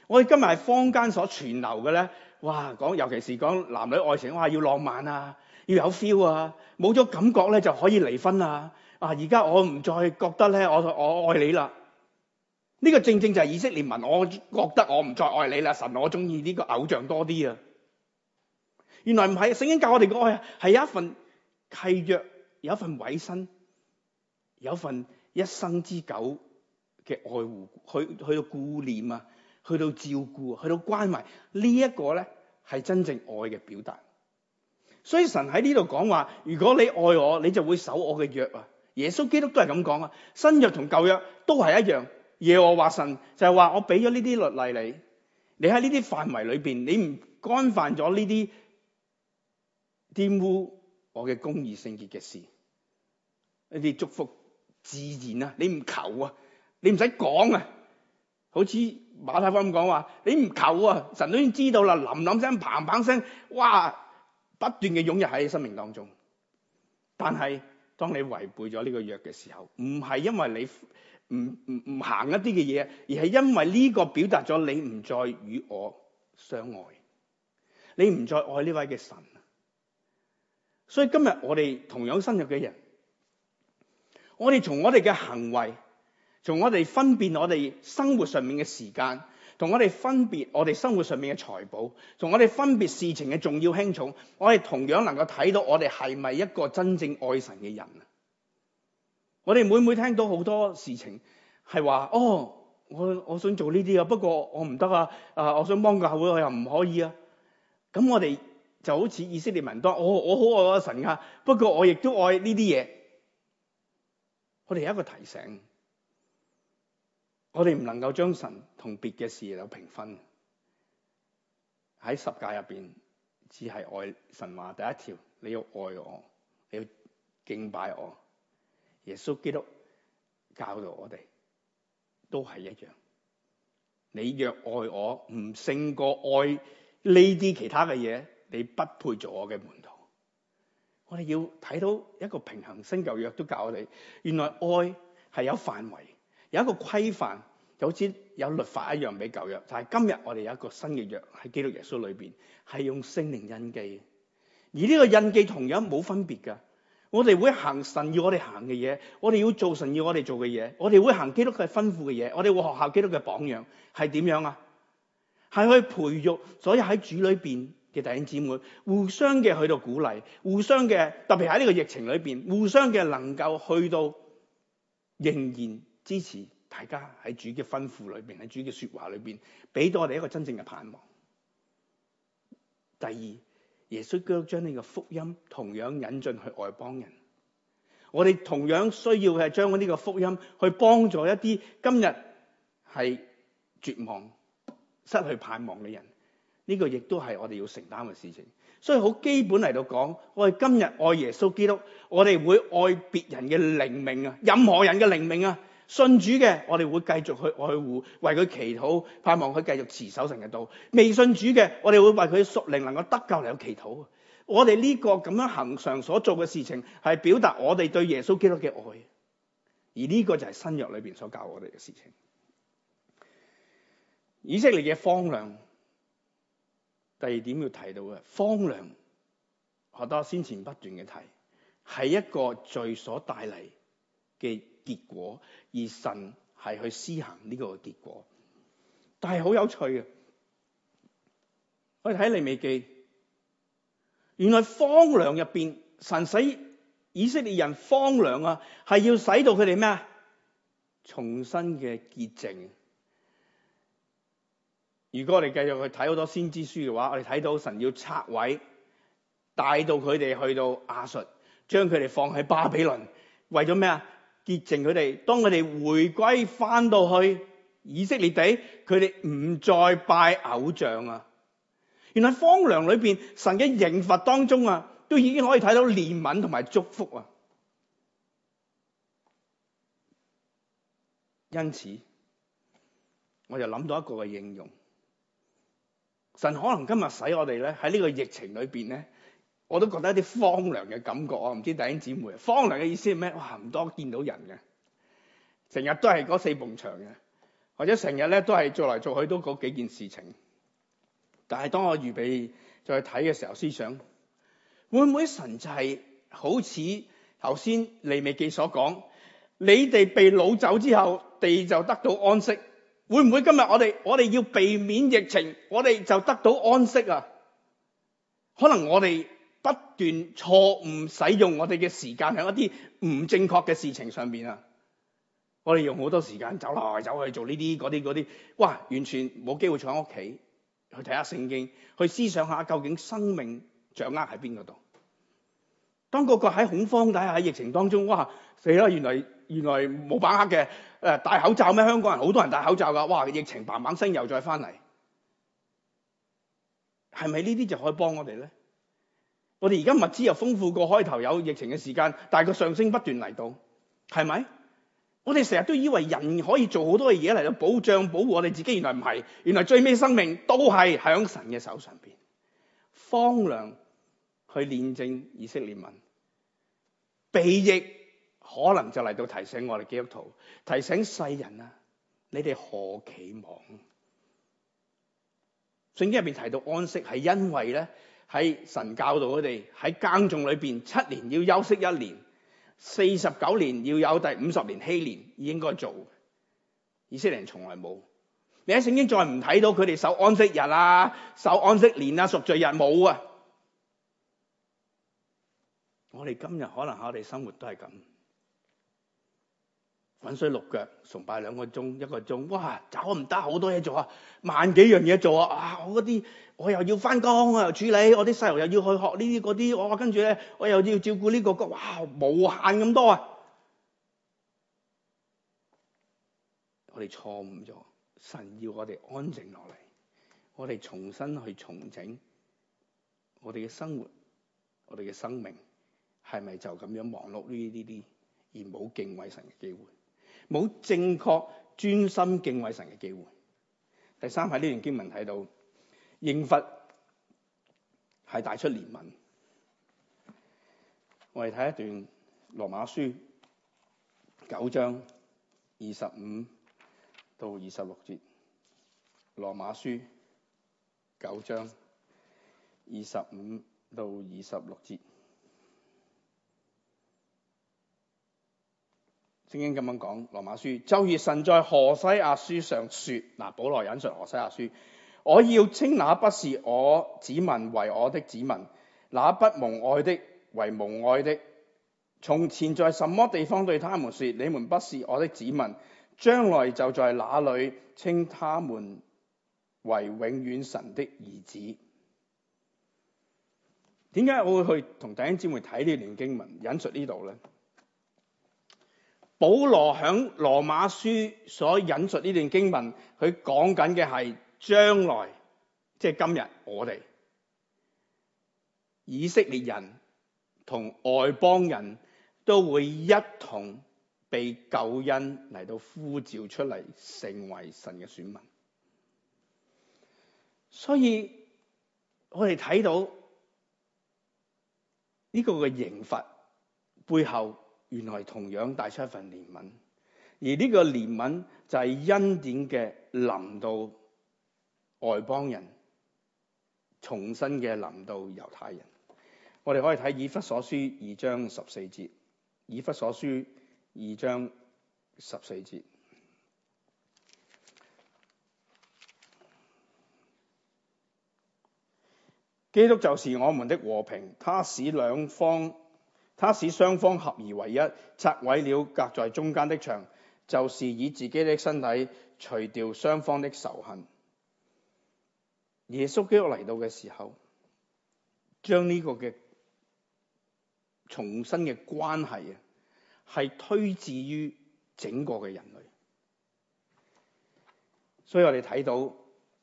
我哋今日喺坊間所傳流嘅咧，哇講，尤其是講男女愛情，哇要浪漫啊！要有 feel 啊！冇咗感覺咧，就可以離婚啊！啊！而家我唔再覺得咧，我我愛你啦。呢、這個正正就係以色列民。我覺得我唔再愛你啦。神，我中意呢個偶像多啲啊！原來唔係聖經教我哋嘅愛啊，係一份契約，有一份委身，有一份一生之久嘅愛護，去去到顧念啊，去到照顧，去到關懷。這個、呢一個咧係真正愛嘅表達。所以神喺呢度講話，如果你愛我，你就會守我嘅約啊。耶穌基督都係咁講啊。新約同舊約都係一樣。耶和華神就係話我俾咗呢啲律例你，你喺呢啲範圍裏邊，你唔干犯咗呢啲玷污我嘅公義聖潔嘅事，呢啲祝福自然啊。你唔求啊，你唔使講啊。好似馬太福音講話，你唔求啊，神都已經知道啦，淋淋聲，砰砰聲，哇！不斷嘅湧入喺你生命當中，但係當你違背咗呢個約嘅時候，唔係因為你唔唔唔行一啲嘅嘢，而係因為呢個表達咗你唔再與我相愛，你唔再愛呢位嘅神。所以今日我哋同樣深入嘅人，我哋從我哋嘅行為，從我哋分辨我哋生活上面嘅時間。同我哋分別我哋生活上面嘅財寶，同我哋分別事情嘅重要輕重，我哋同樣能夠睇到我哋係咪一個真正愛神嘅人啊！我哋每每聽到好多事情係話：哦，我我想做呢啲啊，不過我唔得啊！啊，我想幫個後會我又唔可以啊！咁我哋就好似以色列民多，我我好愛我神啊。不過我亦都愛呢啲嘢。我哋有一個提醒。我哋唔能夠將神同別嘅事有平分。喺十誡入邊，只係愛神話第一條，你要愛我，你要敬拜我。耶穌基督教導我哋，都係一樣。你若愛我，唔勝過愛呢啲其他嘅嘢，你不配做我嘅門徒。我哋要睇到一個平衡，新舊約都教我哋，原來愛係有範圍。有一個規範，就好似有律法一樣，俾舊約。但係今日我哋有一個新嘅約喺基督耶穌裏邊，係用聖靈印記。而呢個印記同樣冇分別噶。我哋會行神要我哋行嘅嘢，我哋要做神要我哋做嘅嘢，我哋會行基督嘅吩咐嘅嘢。我哋會學習基督嘅榜樣，係點樣啊？係去培育所有喺主裏邊嘅弟兄姊妹，互相嘅去到鼓勵，互相嘅特別喺呢個疫情裏邊，互相嘅能夠去到仍然。支持大家喺主嘅吩咐裏邊，喺主嘅說話裏邊，俾到我哋一個真正嘅盼望。第二，耶穌基督將呢個福音同樣引進去外邦人，我哋同樣需要係將呢個福音去幫助一啲今日係絕望、失去盼望嘅人。呢個亦都係我哋要承擔嘅事情。所以好基本嚟到講，我哋今日愛耶穌基督，我哋會愛別人嘅靈命啊，任何人嘅靈命啊。信主嘅，我哋會繼續去愛護、為佢祈禱、盼望佢繼續持守神嘅道；未信主嘅，我哋會為佢嘅屬靈能夠得救嚟有祈禱。我哋呢個咁樣恆常所做嘅事情，係表達我哋對耶穌基督嘅愛。而呢個就係新約裏邊所教我哋嘅事情。以色列嘅荒涼，第二點要提到嘅荒涼，好多先前不斷嘅提，係一個罪所帶嚟嘅。結果而神係去施行呢個結果，但係好有趣嘅，我哋睇利未記，原來荒涼入邊神使以色列人荒涼啊，係要使到佢哋咩啊？重新嘅潔淨。如果我哋繼續去睇好多先知書嘅話，我哋睇到神要拆毀，帶到佢哋去到亞述，將佢哋放喺巴比倫，為咗咩啊？潔淨佢哋，當佢哋回歸翻到去以色列地，佢哋唔再拜偶像啊！原來荒涼裏邊，神嘅刑罰當中啊，都已經可以睇到憐憫同埋祝福啊！因此，我就諗到一個嘅應用，神可能今日使我哋咧喺呢個疫情裏邊咧。我都覺得一啲荒涼嘅感覺，我唔知弟兄姊妹，荒涼嘅意思係咩？哇！唔多見到人嘅，成日都係嗰四埲牆嘅，或者成日咧都係做嚟做去都嗰幾件事情。但係當我預備再睇嘅時候，思想會唔會神就係好似頭先利未記所講，你哋被擄走之後，地就得到安息。會唔會今日我哋我哋要避免疫情，我哋就得到安息啊？可能我哋。不斷錯誤使用我哋嘅時間喺一啲唔正確嘅事情上面啊！我哋用好多時間走嚟走去做呢啲嗰啲嗰啲，哇！完全冇機會坐喺屋企去睇下聖經，去思想下究竟生命掌握喺邊嗰度。當個個喺恐慌底下喺疫情當中，哇！死啦！原來原來冇把握嘅，誒、呃、戴口罩咩？香港人好多人戴口罩㗎，哇！疫情慢慢升又再翻嚟，係咪呢啲就可以幫我哋咧？我哋而家物資又豐富過開頭有疫情嘅時間，但係個上升不斷嚟到，係咪？我哋成日都以為人可以做好多嘅嘢嚟到保障保護我哋自己，原來唔係，原來最尾生命都係喺神嘅手上邊。荒涼去練證以色列文，被逆可能就嚟到提醒我哋基督徒，提醒世人啊，你哋何其忙？聖經入邊提到安息係因為咧。喺神教導佢哋喺耕種裏面，七年要休息一年，四十九年要有第五十年禧年應該做，以色列人從來冇。你喺聖經再唔睇到佢哋守安息日啊，守安息年啊，贖罪日冇啊。我哋今日可能喺我哋生活都係咁。搵水六腳崇拜，兩個鐘一個鐘，哇！走唔得，好多嘢做啊，萬幾樣嘢做啊！哇！我嗰啲我又要返工我又處理我啲細路又要去學呢啲嗰啲，哇！跟住咧我又要照顧呢、呢個個，哇！無限咁多啊！我哋錯誤咗，神要我哋安靜落嚟，我哋重新去重整我哋嘅生活，我哋嘅生命係咪就咁樣忙碌呢啲啲，而冇敬畏神嘅機會？冇正確專心敬畏神嘅機會。第三喺呢段經文睇到，應罰係帶出憐憫。我哋睇一段羅馬書九章二十五到二十六節。羅馬書九章二十五到二十六節。輕輕咁樣講羅馬書，就如神在何西阿書上說：嗱，保羅引述何西阿書，我要稱那不是我子民為我的子民，那不蒙愛的為蒙愛的。從前在什麼地方對他們說，你們不是我的子民，將來就在那裡稱他們為永遠神的兒子。點解我會去同弟兄姊妹睇呢段經文引述呢度呢？保羅響羅馬書所引述呢段經文，佢講緊嘅係將來，即係今日我哋以色列人同外邦人都會一同被救恩嚟到呼召出嚟，成為神嘅選民。所以我哋睇到呢、這個嘅刑罰背後。原來同樣帶出一份憐憫，而呢個憐憫就係恩典嘅臨到外邦人，重新嘅臨到猶太人。我哋可以睇以弗所書二章十四節，以弗所書二章十四節。基督就是我們的和平，他使兩方。他使雙方合而為一，拆毀了隔在中間的牆，就是以自己的身體除掉雙方的仇恨。耶穌基督嚟到嘅時候，將呢個嘅重新嘅關係啊，係推至於整個嘅人類。所以我哋睇到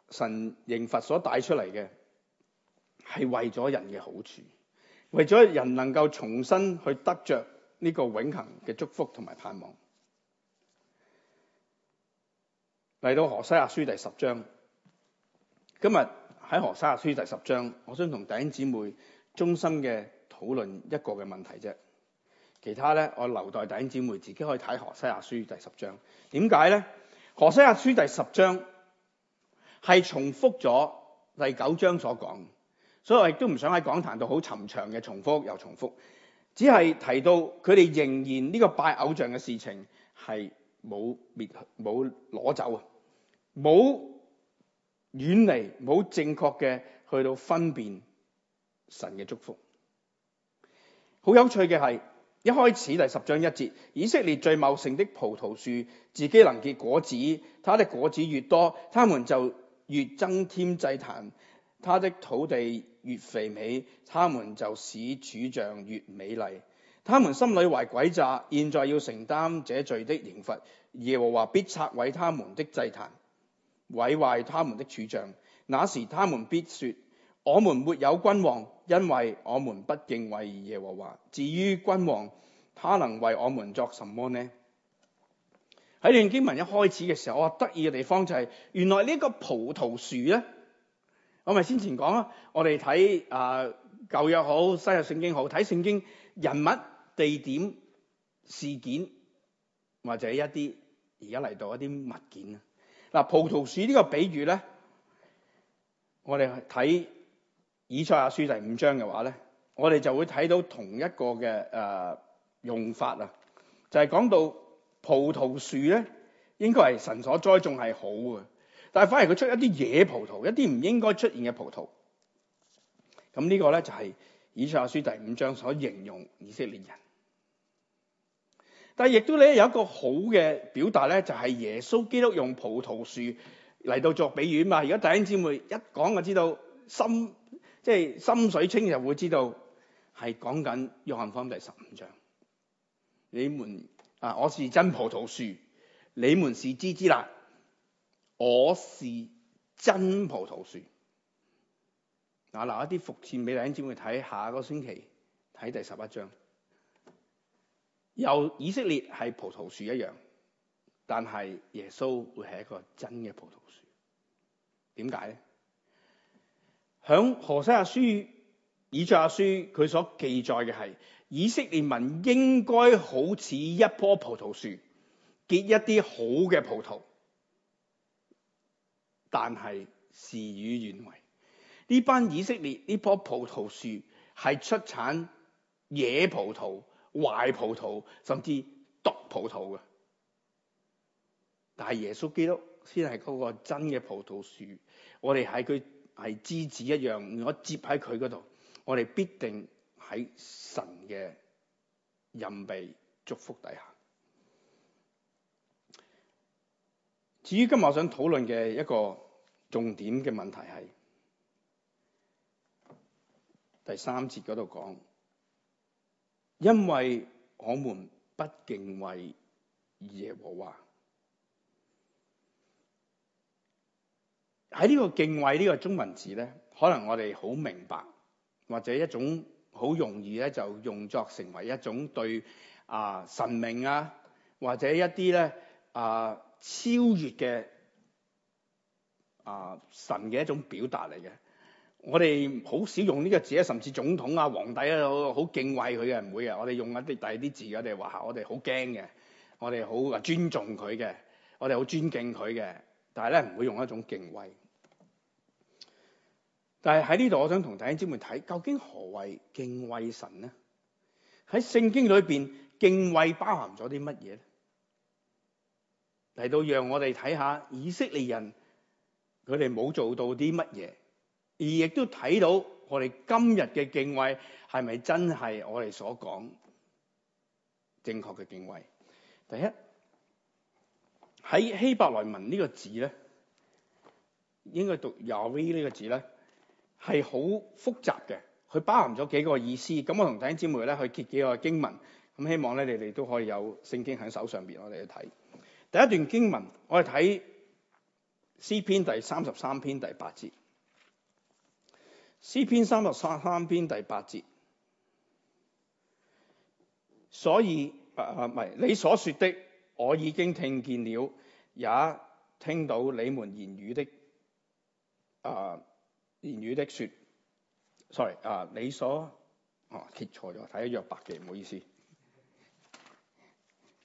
神刑罰所帶出嚟嘅，係為咗人嘅好處。為咗人能夠重新去得着呢個永恒嘅祝福同埋盼望，嚟到何西阿書第十章，今日喺何西阿書第十章，我想同弟兄姊妹衷心嘅討論一個嘅問題啫，其他咧我留待弟兄姊妹自己可以睇何西阿書第十章。點解咧？何西阿書第十章係重複咗第九章所講。所以我亦都唔想喺講壇度好尋常嘅重複又重複，只係提到佢哋仍然呢個拜偶像嘅事情係冇滅冇攞走啊，冇遠離冇正確嘅去到分辨神嘅祝福。好有趣嘅係，一開始第十章一節，以色列最茂盛的葡萄樹自己能結果子，它的果子越多，他們就越增添祭壇，它的土地，越肥美，他們就使柱像越美麗。他們心裏懷詭詐，現在要承擔這罪的刑罰。耶和華必拆毀他們的祭壇，毀壞他們的柱像。那時他們必說：我們沒有君王，因為我們不敬畏耶和華。至於君王，他能為我們作什麼呢？喺呢段經文一開始嘅時候，我話得意嘅地方就係、是，原來呢個葡萄樹咧。我咪先前講啊，我哋睇啊舊約好，西約聖經好，睇聖經人物、地點、事件或者一啲而家嚟到一啲物件啊。嗱，葡萄樹呢個比喻咧，我哋睇以賽亞書第五章嘅話咧，我哋就會睇到同一個嘅、啊、用法啊，就係、是、講到葡萄樹咧，應該係神所栽種係好嘅。但係反而佢出一啲野葡萄，一啲唔應該出現嘅葡萄。咁呢個咧就係、是、以賽亞書第五章所形容以色列人。但係亦都咧有一個好嘅表達咧，就係、是、耶穌基督用葡萄樹嚟到作比喻嘛。而家弟兄姊妹一講就知道心，即、就、心、是、水清就會知道係講緊約翰福音第十五章。你們啊，我是真葡萄樹，你們是枝子啦。我是真葡萄樹，嗱，留一啲伏線俾大家，專門睇下個星期睇第十一章。由以色列係葡萄樹一樣，但係耶穌會係一個真嘅葡萄樹，點解咧？響何西阿書、以賽亞書佢所記載嘅係，以色列民應該好似一棵葡萄樹，結一啲好嘅葡萄。但係事與願違，呢班以色列呢棵葡萄樹係出產野葡萄、壞葡萄，甚至毒葡萄嘅。但係耶穌基督先係個真嘅葡萄樹，我哋喺佢係枝子一樣，如果接喺佢度，我哋必定喺神嘅任庇祝福底下。至於今日我想討論嘅一個重點嘅問題，係第三節嗰度講，因為我們不敬畏耶和華。喺呢個敬畏呢個中文字咧，可能我哋好明白，或者一種好容易咧就用作成為一種對啊神明啊或者一啲咧啊。超越嘅啊神嘅一種表達嚟嘅，我哋好少用呢個字啊，甚至總統啊、皇帝啊，好好敬畏佢嘅唔會嘅，我哋用一啲第二啲字說，我哋話我哋好驚嘅，我哋好啊尊重佢嘅，我哋好尊敬佢嘅，但係咧唔會用一種敬畏。但係喺呢度，我想同弟兄姊妹睇究竟何謂敬畏神呢？喺聖經裏邊敬畏包含咗啲乜嘢咧？嚟到讓我哋睇下以色列人佢哋冇做到啲乜嘢，而亦都睇到我哋今日嘅敬畏係咪真係我哋所講正確嘅敬畏。第一，喺希伯來文呢個字咧，應該讀亞威呢個字咧，係好複雜嘅，佢包含咗幾個意思。咁我同弟兄姊妹咧去揭幾個經文，咁希望咧你哋都可以有聖經響手上邊，我哋去睇。第一段經文，我哋睇詩篇第三十三篇第八節。詩篇三十三三篇第八節，所以啊，啊唔係你所說的，我已經聽見了，也聽到你們言語的啊、呃、言語的說 sorry 啊、呃，你所哦、啊、揭錯咗，睇咗約伯嘅，唔好意思。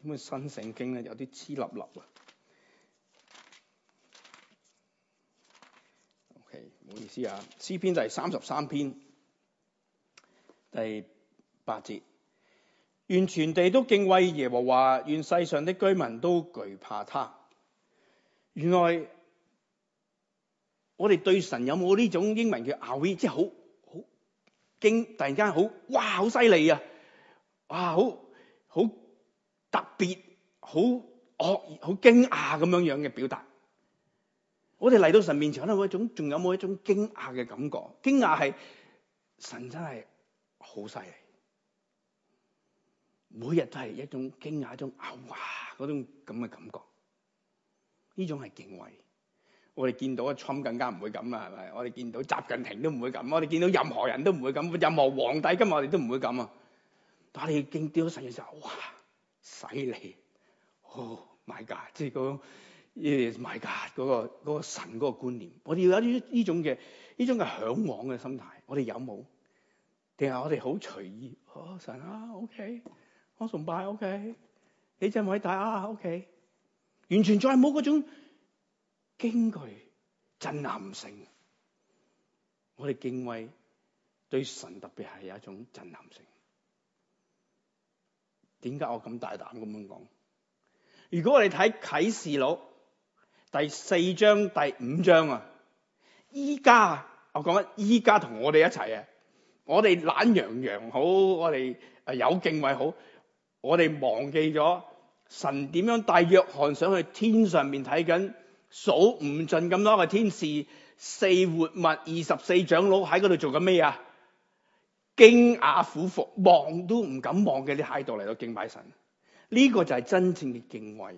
咁新聖經咧有啲黐笠笠啊。OK，唔好意思啊，詩篇就係三十三篇第八節，願全地都敬畏耶和華，願世上的居民都懼怕他。原來我哋對神有冇呢種英文叫 awe？即係好好經，突然間好哇，好犀利啊，哇好！特別好愕好驚訝咁樣樣嘅表達，我哋嚟到神面前，可能有一種仲有冇一種驚訝嘅感覺？驚訝係神真係好犀利，每日都係一種驚訝，一種啊哇嗰種咁嘅感覺。呢種係敬畏。我哋見到阿 Trump 更加唔會咁啦，係咪？我哋見到習近平都唔會咁，我哋見到任何人都唔會咁，任何皇帝今日我哋都唔會咁啊！但你敬啲神嘅時候，哇！使你，哦、oh，my god，即係嗰種，my god，嗰、嗰個嗰個神個觀念，我哋要有呢呢種嘅呢種嘅向往嘅心態，我哋有冇？定係我哋好隨意？哦，神啊，OK，我、啊、崇拜 OK，你真偉大啊，OK，完全再冇種驚懼震撼性，我哋敬畏對神特別係有一種震撼性。點解我咁大膽咁樣講？如果我哋睇啟示錄第四章第五章啊，依家我講緊依家同我哋一齊啊！我哋懶洋洋好，我哋有敬畏好，我哋忘記咗神點樣帶約翰上去天上面睇緊數唔盡咁多個天使、四活物、二十四長老喺嗰度做緊咩啊？驚訝苦伏，望都唔敢望嘅啲態度嚟到敬拜神，呢個就係真正嘅敬畏。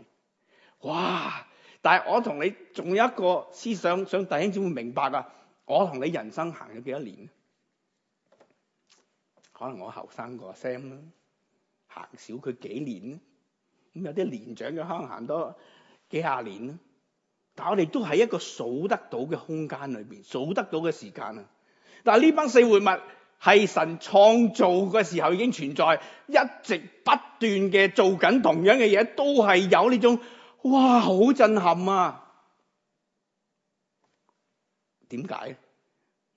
哇！但係我同你仲有一個思想，想弟兄姊妹明白啊！我同你人生行咗幾多年？可能我後生過 Sam 啦，行少佢幾年。咁有啲年長嘅可能行多幾廿年。但係我哋都喺一個數得到嘅空間裏邊，數得到嘅時間啊！但係呢班四會物。係神創造嘅時候已經存在，一直不斷嘅做緊同樣嘅嘢，都係有呢種哇，好震撼啊！點解？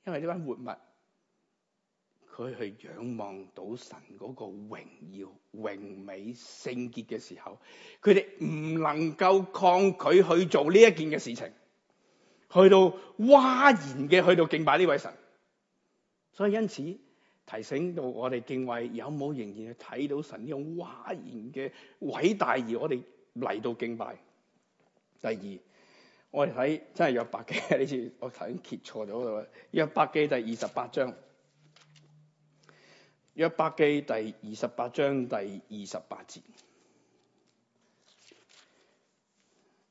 因為呢班活物，佢係仰望到神嗰個榮耀、榮美、聖潔嘅時候，佢哋唔能夠抗拒去做呢一件嘅事情，去到嘩然嘅去到敬拜呢位神。所以因此提醒到我哋敬畏有冇仍然去睇到神呢種嘩然嘅偉大而我哋嚟到敬拜。第二，我哋睇真係約伯記呢次我頭先揭錯咗度，約伯記第二十八章，約伯記第二十八章第二十八節，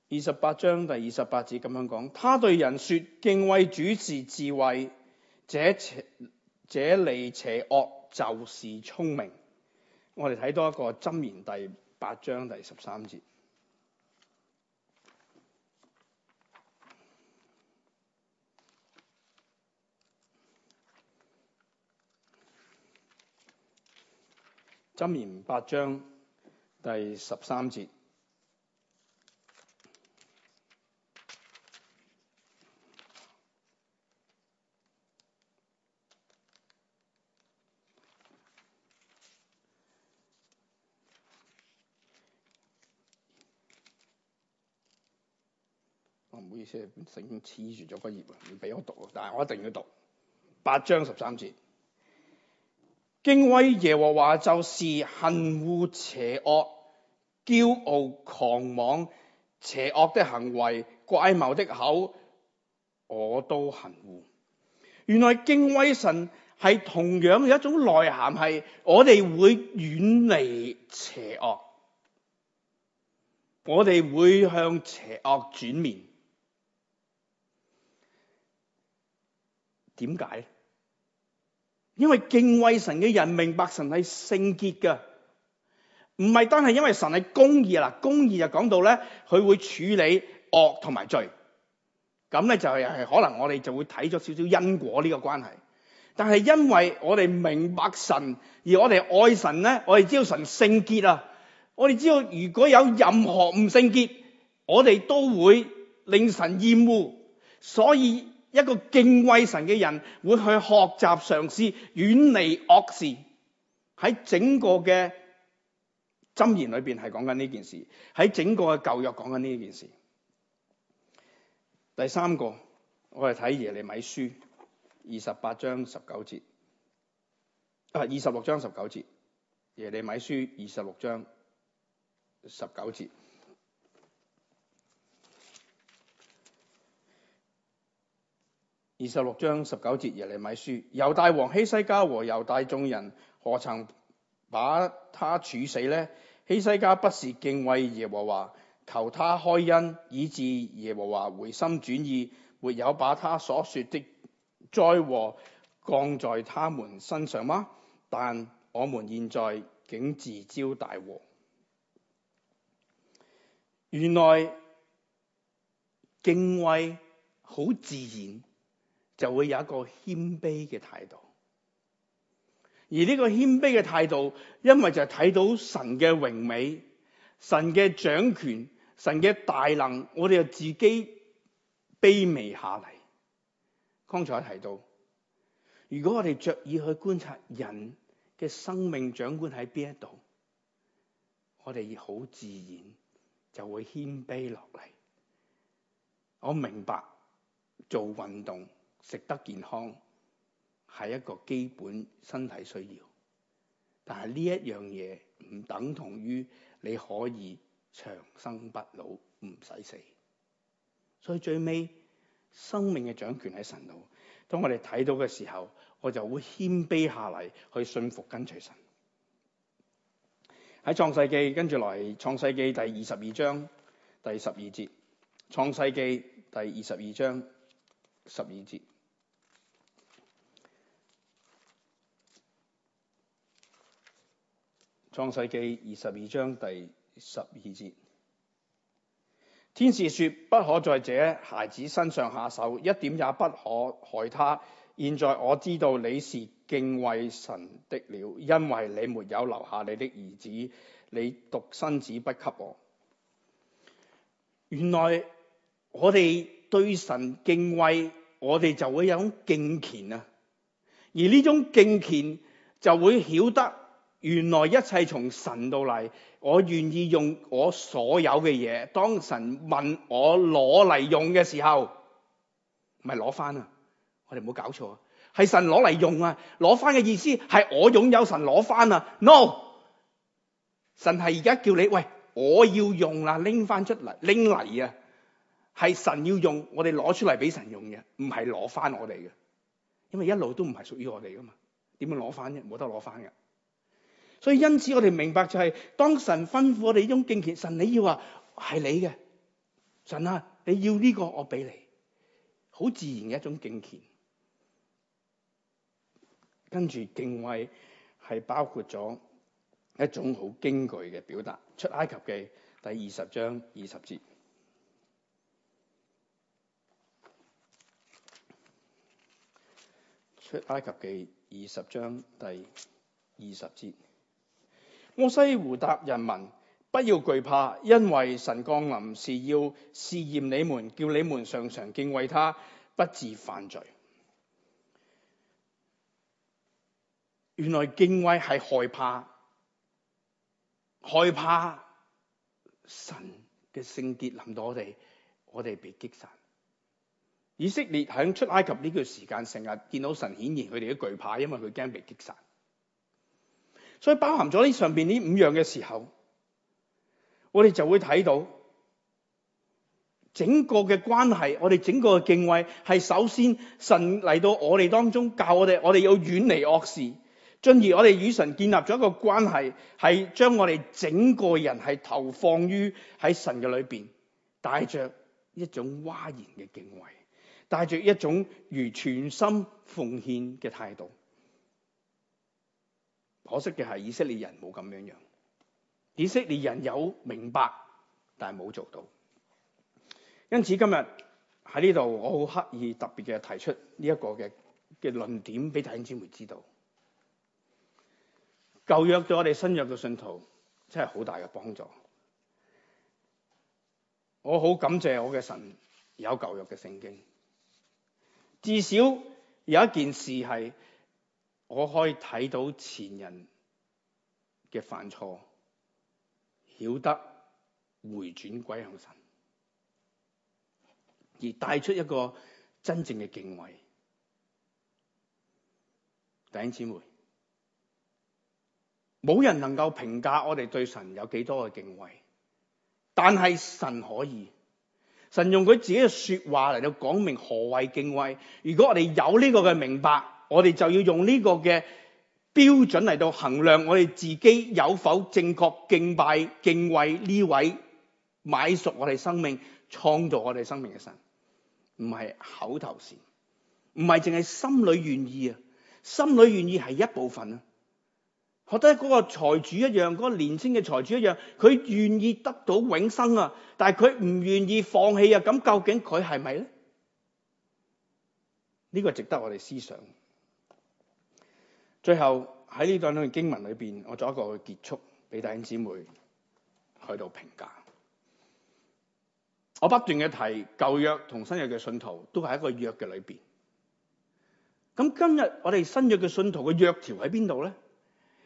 二十八章第二十八節咁樣講，他對人說敬畏主是智慧。者邪者利邪惡就是聰明，我哋睇多一個《箴言》第八章第十三節，《箴言》八章第十三節。即係成黐住咗個頁，唔俾我讀，但係我一定要讀八章十三節。敬畏耶和華就是恨惡邪惡、驕傲狂妄、邪惡的行為、乖謬的口，我都恨惡。原來敬畏神係同樣有一種內涵，係我哋會遠離邪惡，我哋會向邪惡轉面。點解？因為敬畏神嘅人明白神係聖潔噶，唔係單係因為神係公義啊。公義就講到咧，佢會處理惡同埋罪。咁咧就係、是、可能我哋就會睇咗少少因果呢個關係。但係因為我哋明白神，而我哋愛神咧，我哋知道神聖潔啊。我哋知道如果有任何唔聖潔，我哋都會令神厭惡。所以。一個敬畏神嘅人會去學習嘗試遠離惡事。喺整個嘅箴言裏邊係講緊呢件事，喺整個嘅舊約講緊呢件事。第三個，我哋睇耶利米書二十八章十九節，啊，二十六章十九節，耶利米書二十六章十九節。二十六章十九節，耶利米書，猶大王希西家和猶大眾人，何曾把他處死呢？希西家不是敬畏耶和華，求他開恩，以致耶和華回心轉意，沒有把他所說的災禍降在他們身上嗎？但我們現在竟自招大禍。原來敬畏好自然。就會有一個謙卑嘅態度，而呢個謙卑嘅態度，因為就係睇到神嘅榮美、神嘅掌權、神嘅大能，我哋就自己卑微下嚟。剛才提到，如果我哋着意去觀察人嘅生命掌管喺邊一度，我哋好自然就會謙卑落嚟。我明白做運動。食得健康係一個基本身體需要，但係呢一樣嘢唔等同於你可以長生不老，唔使死。所以最尾生命嘅掌權喺神度。當我哋睇到嘅時候，我就會謙卑下嚟去信服跟隨神。喺創世記跟住來，創世記第二十二章第十二節，創世記第二十二章十二節。創世記二十二章第十二節，天使說：不可在這孩子身上下手，一點也不可害他。現在我知道你是敬畏神的了，因為你沒有留下你的兒子，你獨生子不給我。原來我哋對神敬畏，我哋就會有種敬虔啊。而呢種敬虔就會曉得。原來一切從神到嚟，我願意用我所有嘅嘢。當神問我攞嚟用嘅時候，咪攞翻啊！我哋唔好搞錯，係神攞嚟用啊！攞翻嘅意思係我擁有神攞翻啊！No，神係而家叫你喂，我要用啦，拎翻出嚟，拎嚟啊！係神要用，我哋攞出嚟俾神用嘅，唔係攞翻我哋嘅，因為一路都唔係屬於我哋噶嘛，點樣攞翻啫？冇得攞翻嘅。所以因此我哋明白就係當神吩咐我哋一種敬虔，神你要話係你嘅，神啊你要呢個我俾你，好自然嘅一種敬虔。跟住敬畏係包括咗一種好驚懼嘅表達，《出埃及記》第二十章二十節，《出埃及記》二十章第二十節。摩西湖達人民，不要懼怕，因為神降臨是要試驗你們，叫你們常常敬畏他，不致犯罪。原來敬畏係害怕，害怕神嘅聖潔臨到我哋，我哋被擊殺。以色列喺出埃及呢個時間，成日見到神，顯然佢哋都懼怕，因為佢驚被擊殺。所以包含咗呢上面呢五樣嘅時候，我哋就會睇到整個嘅關係，我哋整個嘅敬畏係首先神嚟到我哋當中教我哋，我哋要遠離惡事，進而我哋與神建立咗一個關係，係將我哋整個人係投放於喺神嘅裏邊，帶着一種嘩然嘅敬畏，帶着一種如全心奉獻嘅態度。可惜嘅係以色列人冇咁樣樣，以色列人有明白，但係冇做到。因此今日喺呢度，我好刻意特別嘅提出呢一個嘅嘅論點，俾弟兄姊妹知道。舊約對我哋新約嘅信徒真係好大嘅幫助。我好感謝我嘅神有舊約嘅聖經，至少有一件事係。我可以睇到前人嘅犯錯，曉得回轉歸向神，而帶出一個真正嘅敬畏。弟兄姊妹，冇人能夠評價我哋對神有幾多嘅敬畏，但係神可以，神用佢自己嘅說話嚟到講明何為敬畏。如果我哋有呢、這個嘅明白。我哋就要用呢個嘅標準嚟到衡量我哋自己有否正確敬拜敬畏呢位買贖我哋生命、創造我哋生命嘅神，唔係口頭禪，唔係淨係心裏願意啊！心裏願意係一部分啊！覺得嗰個財主一樣，嗰、嗰個年輕嘅財主一樣，佢願意得到永生啊，但係佢唔願意放棄啊！咁究竟佢係咪咧？呢、呢個值得我哋思想。最後喺呢段經文裏邊，我做一個嘅結束，俾弟兄姊妹去到評價。我不斷嘅提舊約同新約嘅信徒都係一個約嘅裏邊。咁今日我哋新約嘅信徒嘅約條喺邊度咧？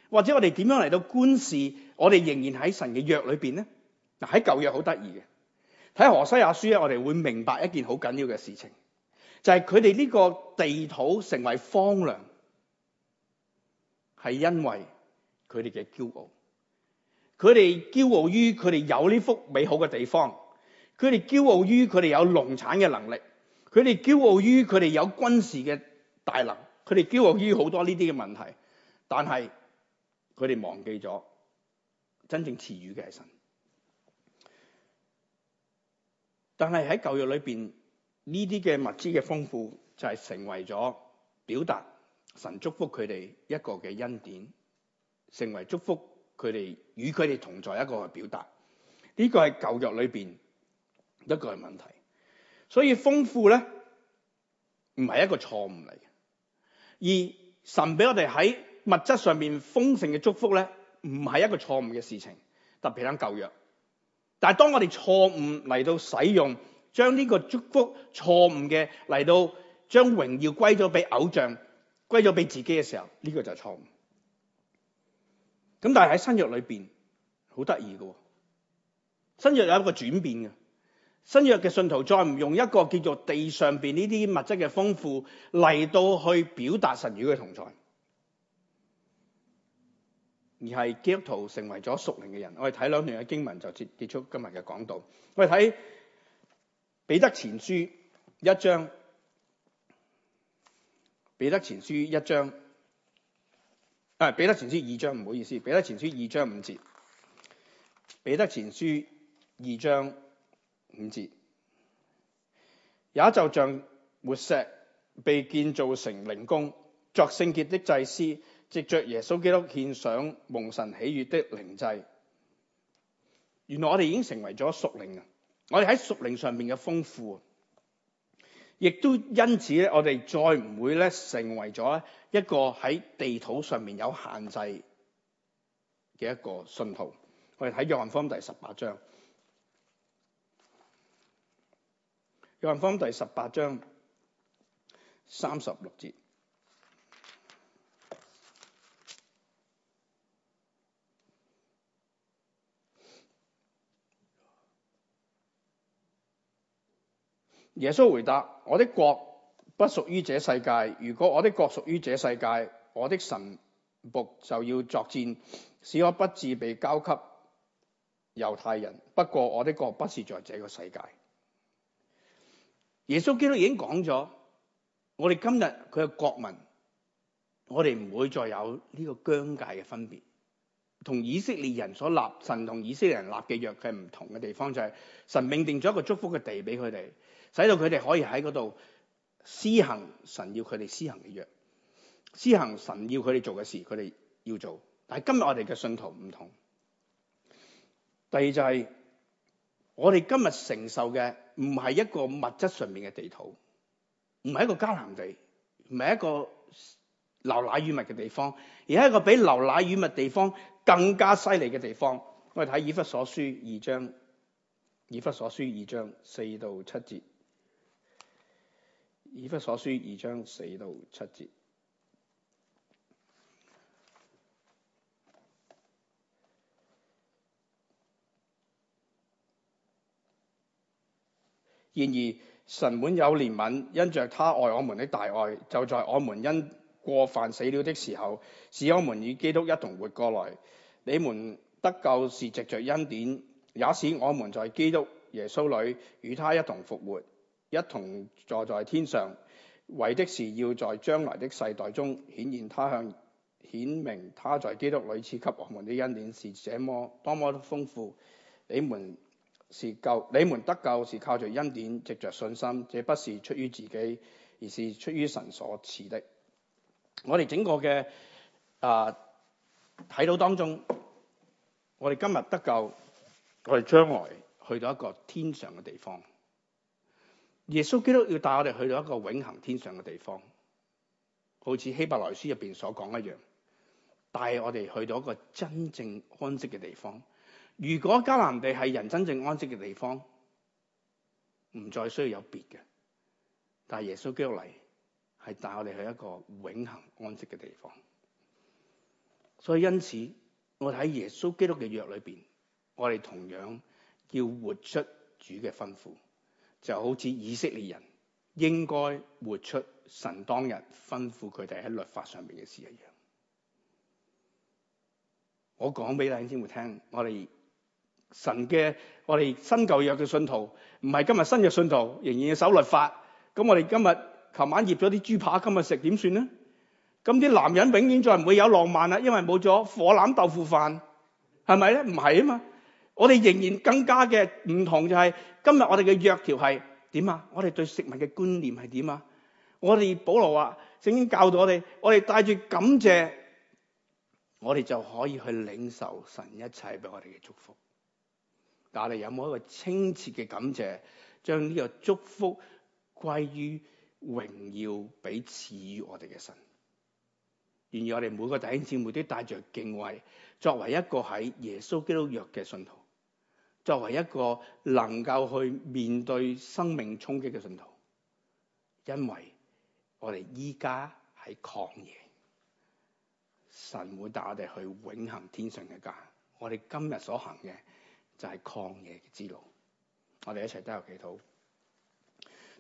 或者我哋點樣嚟到官視我哋仍然喺神嘅約裏邊咧？嗱，喺舊約好得意嘅，睇何西阿書咧，我哋會明白一件好緊要嘅事情，就係佢哋呢個地土成為荒涼。係因為佢哋嘅驕傲，佢哋驕傲於佢哋有呢幅美好嘅地方，佢哋驕傲於佢哋有農產嘅能力，佢哋驕傲於佢哋有軍事嘅大能，佢哋驕傲於好多呢啲嘅問題，但係佢哋忘記咗真正賜予嘅係神。但係喺舊約裏邊呢啲嘅物資嘅豐富就係成為咗表達。神祝福佢哋一個嘅恩典，成為祝福佢哋與佢哋同在一個嘅表達。呢、這個係舊約裏邊一個係問題，所以豐富咧唔係一個錯誤嚟嘅。而神俾我哋喺物質上面豐盛嘅祝福咧，唔係一個錯誤嘅事情，特別喺舊約。但係當我哋錯誤嚟到使用，將呢個祝福錯誤嘅嚟到將榮耀歸咗俾偶像。為咗俾自己嘅時候，呢個就係錯誤。咁但係喺新約裏邊，好得意嘅，新約有一個轉變嘅。新約嘅信徒再唔用一個叫做地上邊呢啲物質嘅豐富嚟到去表達神與佢嘅同在，而係基督徒成為咗屬靈嘅人。我哋睇兩段嘅經文就接結束今日嘅講道。我哋睇彼得前書一章。彼得前書一章，啊、彼得前書二章唔好意思，彼得前書二章五節，彼得前書二章五節，也就像活石被建造成靈宮，作聖潔的祭司，藉著耶穌基督獻上蒙神喜悅的靈祭。原來我哋已經成為咗屬靈啊！我哋喺屬靈上面嘅豐富。亦都因此咧，我哋再唔會咧成為咗一個喺地圖上面有限制嘅一個信號。我哋睇約翰福音第十八章，約翰福音第十八章三十六節。耶穌回答：我的國不屬於這世界。如果我的國屬於這世界，我的神僕就要作戰，使我不至被交給猶太人。不過我的國不是在這個世界。耶穌基督已經講咗，我哋今日佢嘅國民，我哋唔會再有呢個疆界嘅分別。同以色列人所立神，同以色列人立嘅約係唔同嘅地方，就係、是、神命定咗一個祝福嘅地俾佢哋。使到佢哋可以喺嗰度施行神要佢哋施行嘅約，施行神要佢哋做嘅事，佢哋要做。但係今日我哋嘅信徒唔同。第二就係、是、我哋今日承受嘅唔係一個物質上面嘅地土，唔係一個迦南地，唔係一個流奶與蜜嘅地方，而係一個比流奶與蜜的地方更加犀利嘅地方。我哋睇以弗所書二章，以弗所書二章四到七節。以弗所書二章四到七節。然而神滿有憐憫，因着他愛我們的大愛，就在我們因過犯死了的時候，使我們與基督一同活過來。你們得救是藉着恩典，也使我們在基督耶穌裏與他一同復活。一同坐在天上，為的是要在將來的世代中顯現他向顯明他在基督裏賜給我們的恩典是這麼多麼豐富。你們是救，你們得救是靠着恩典，藉着信心，這不是出於自己，而是出於神所賜的。我哋整個嘅啊，睇到當中，我哋今日得救，我哋將來去到一個天上嘅地方。耶穌基督要帶我哋去到一個永恒天上嘅地方，好似希伯來書入邊所講一樣，帶我哋去到一個真正安息嘅地方。如果迦南地係人真正安息嘅地方，唔再需要有別嘅。但係耶穌基督嚟，係帶我哋去一個永恒安息嘅地方。所以因此，我哋喺耶穌基督嘅約裏邊，我哋同樣要活出主嘅吩咐。就好似以色列人應該活出神當日吩咐佢哋喺律法上面嘅事一樣。我講俾弟兄姊妹聽，我哋神嘅我哋新舊約嘅信徒，唔係今日新約信徒仍然要守律法。咁我哋今日琴晚醃咗啲豬扒，今日食點算呢？咁啲男人永遠再唔會有浪漫啦，因為冇咗火腩豆腐飯，係咪呢？唔係啊嘛。我哋仍然更加嘅唔同就係今日我哋嘅約條係點啊？我哋對食物嘅觀念係點啊？我哋保羅話聖經教導我哋，我哋帶住感謝，我哋就可以去領受神一切俾我哋嘅祝福。但係有冇一個清澈嘅感謝，將呢個祝福歸於榮耀，俾賜予我哋嘅神？願我哋每個弟兄姊妹都帶着敬畏，作為一個喺耶穌基督約嘅信徒，作為一個能夠去面對生命衝擊嘅信徒，因為我哋依家係曠野，神會帶我哋去永恒天上嘅家。我哋今日所行嘅就係曠野之路，我哋一齊低頭祈禱。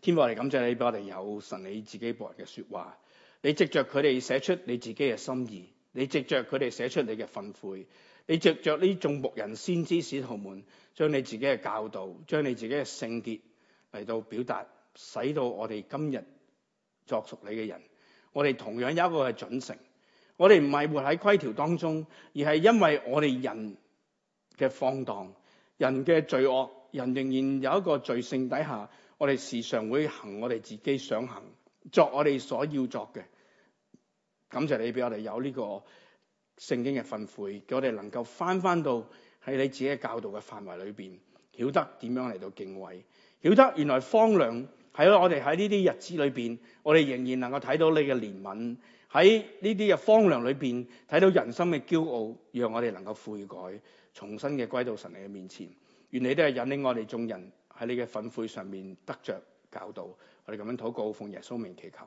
天父，我哋感謝你俾我哋有神你自己博人嘅說話，你藉着佢哋寫出你自己嘅心意，你藉着佢哋寫出你嘅憤悔。你着着呢眾牧人先知使徒們，將你自己嘅教導，將你自己嘅聖潔嚟到表達，使到我哋今日作屬你嘅人，我哋同樣有一個係準繩，我哋唔係活喺規條當中，而係因為我哋人嘅放蕩，人嘅罪惡，人仍然有一個罪性底下，我哋時常會行我哋自己想行，作我哋所要作嘅。感謝你俾我哋有呢、這個。聖經嘅訓誨，叫我哋能夠返返到喺你自己嘅教導嘅範圍裏邊，曉得點樣嚟到敬畏，曉得原來荒涼喺我哋喺呢啲日子裏邊，我哋仍然能夠睇到你嘅憐憫喺呢啲嘅荒涼裏邊，睇到人心嘅驕傲，讓我哋能夠悔改，重新嘅歸到神你嘅面前。原嚟都係引領我哋眾人喺你嘅訓誨上面得着教導。我哋咁樣禱告，奉耶穌名祈求。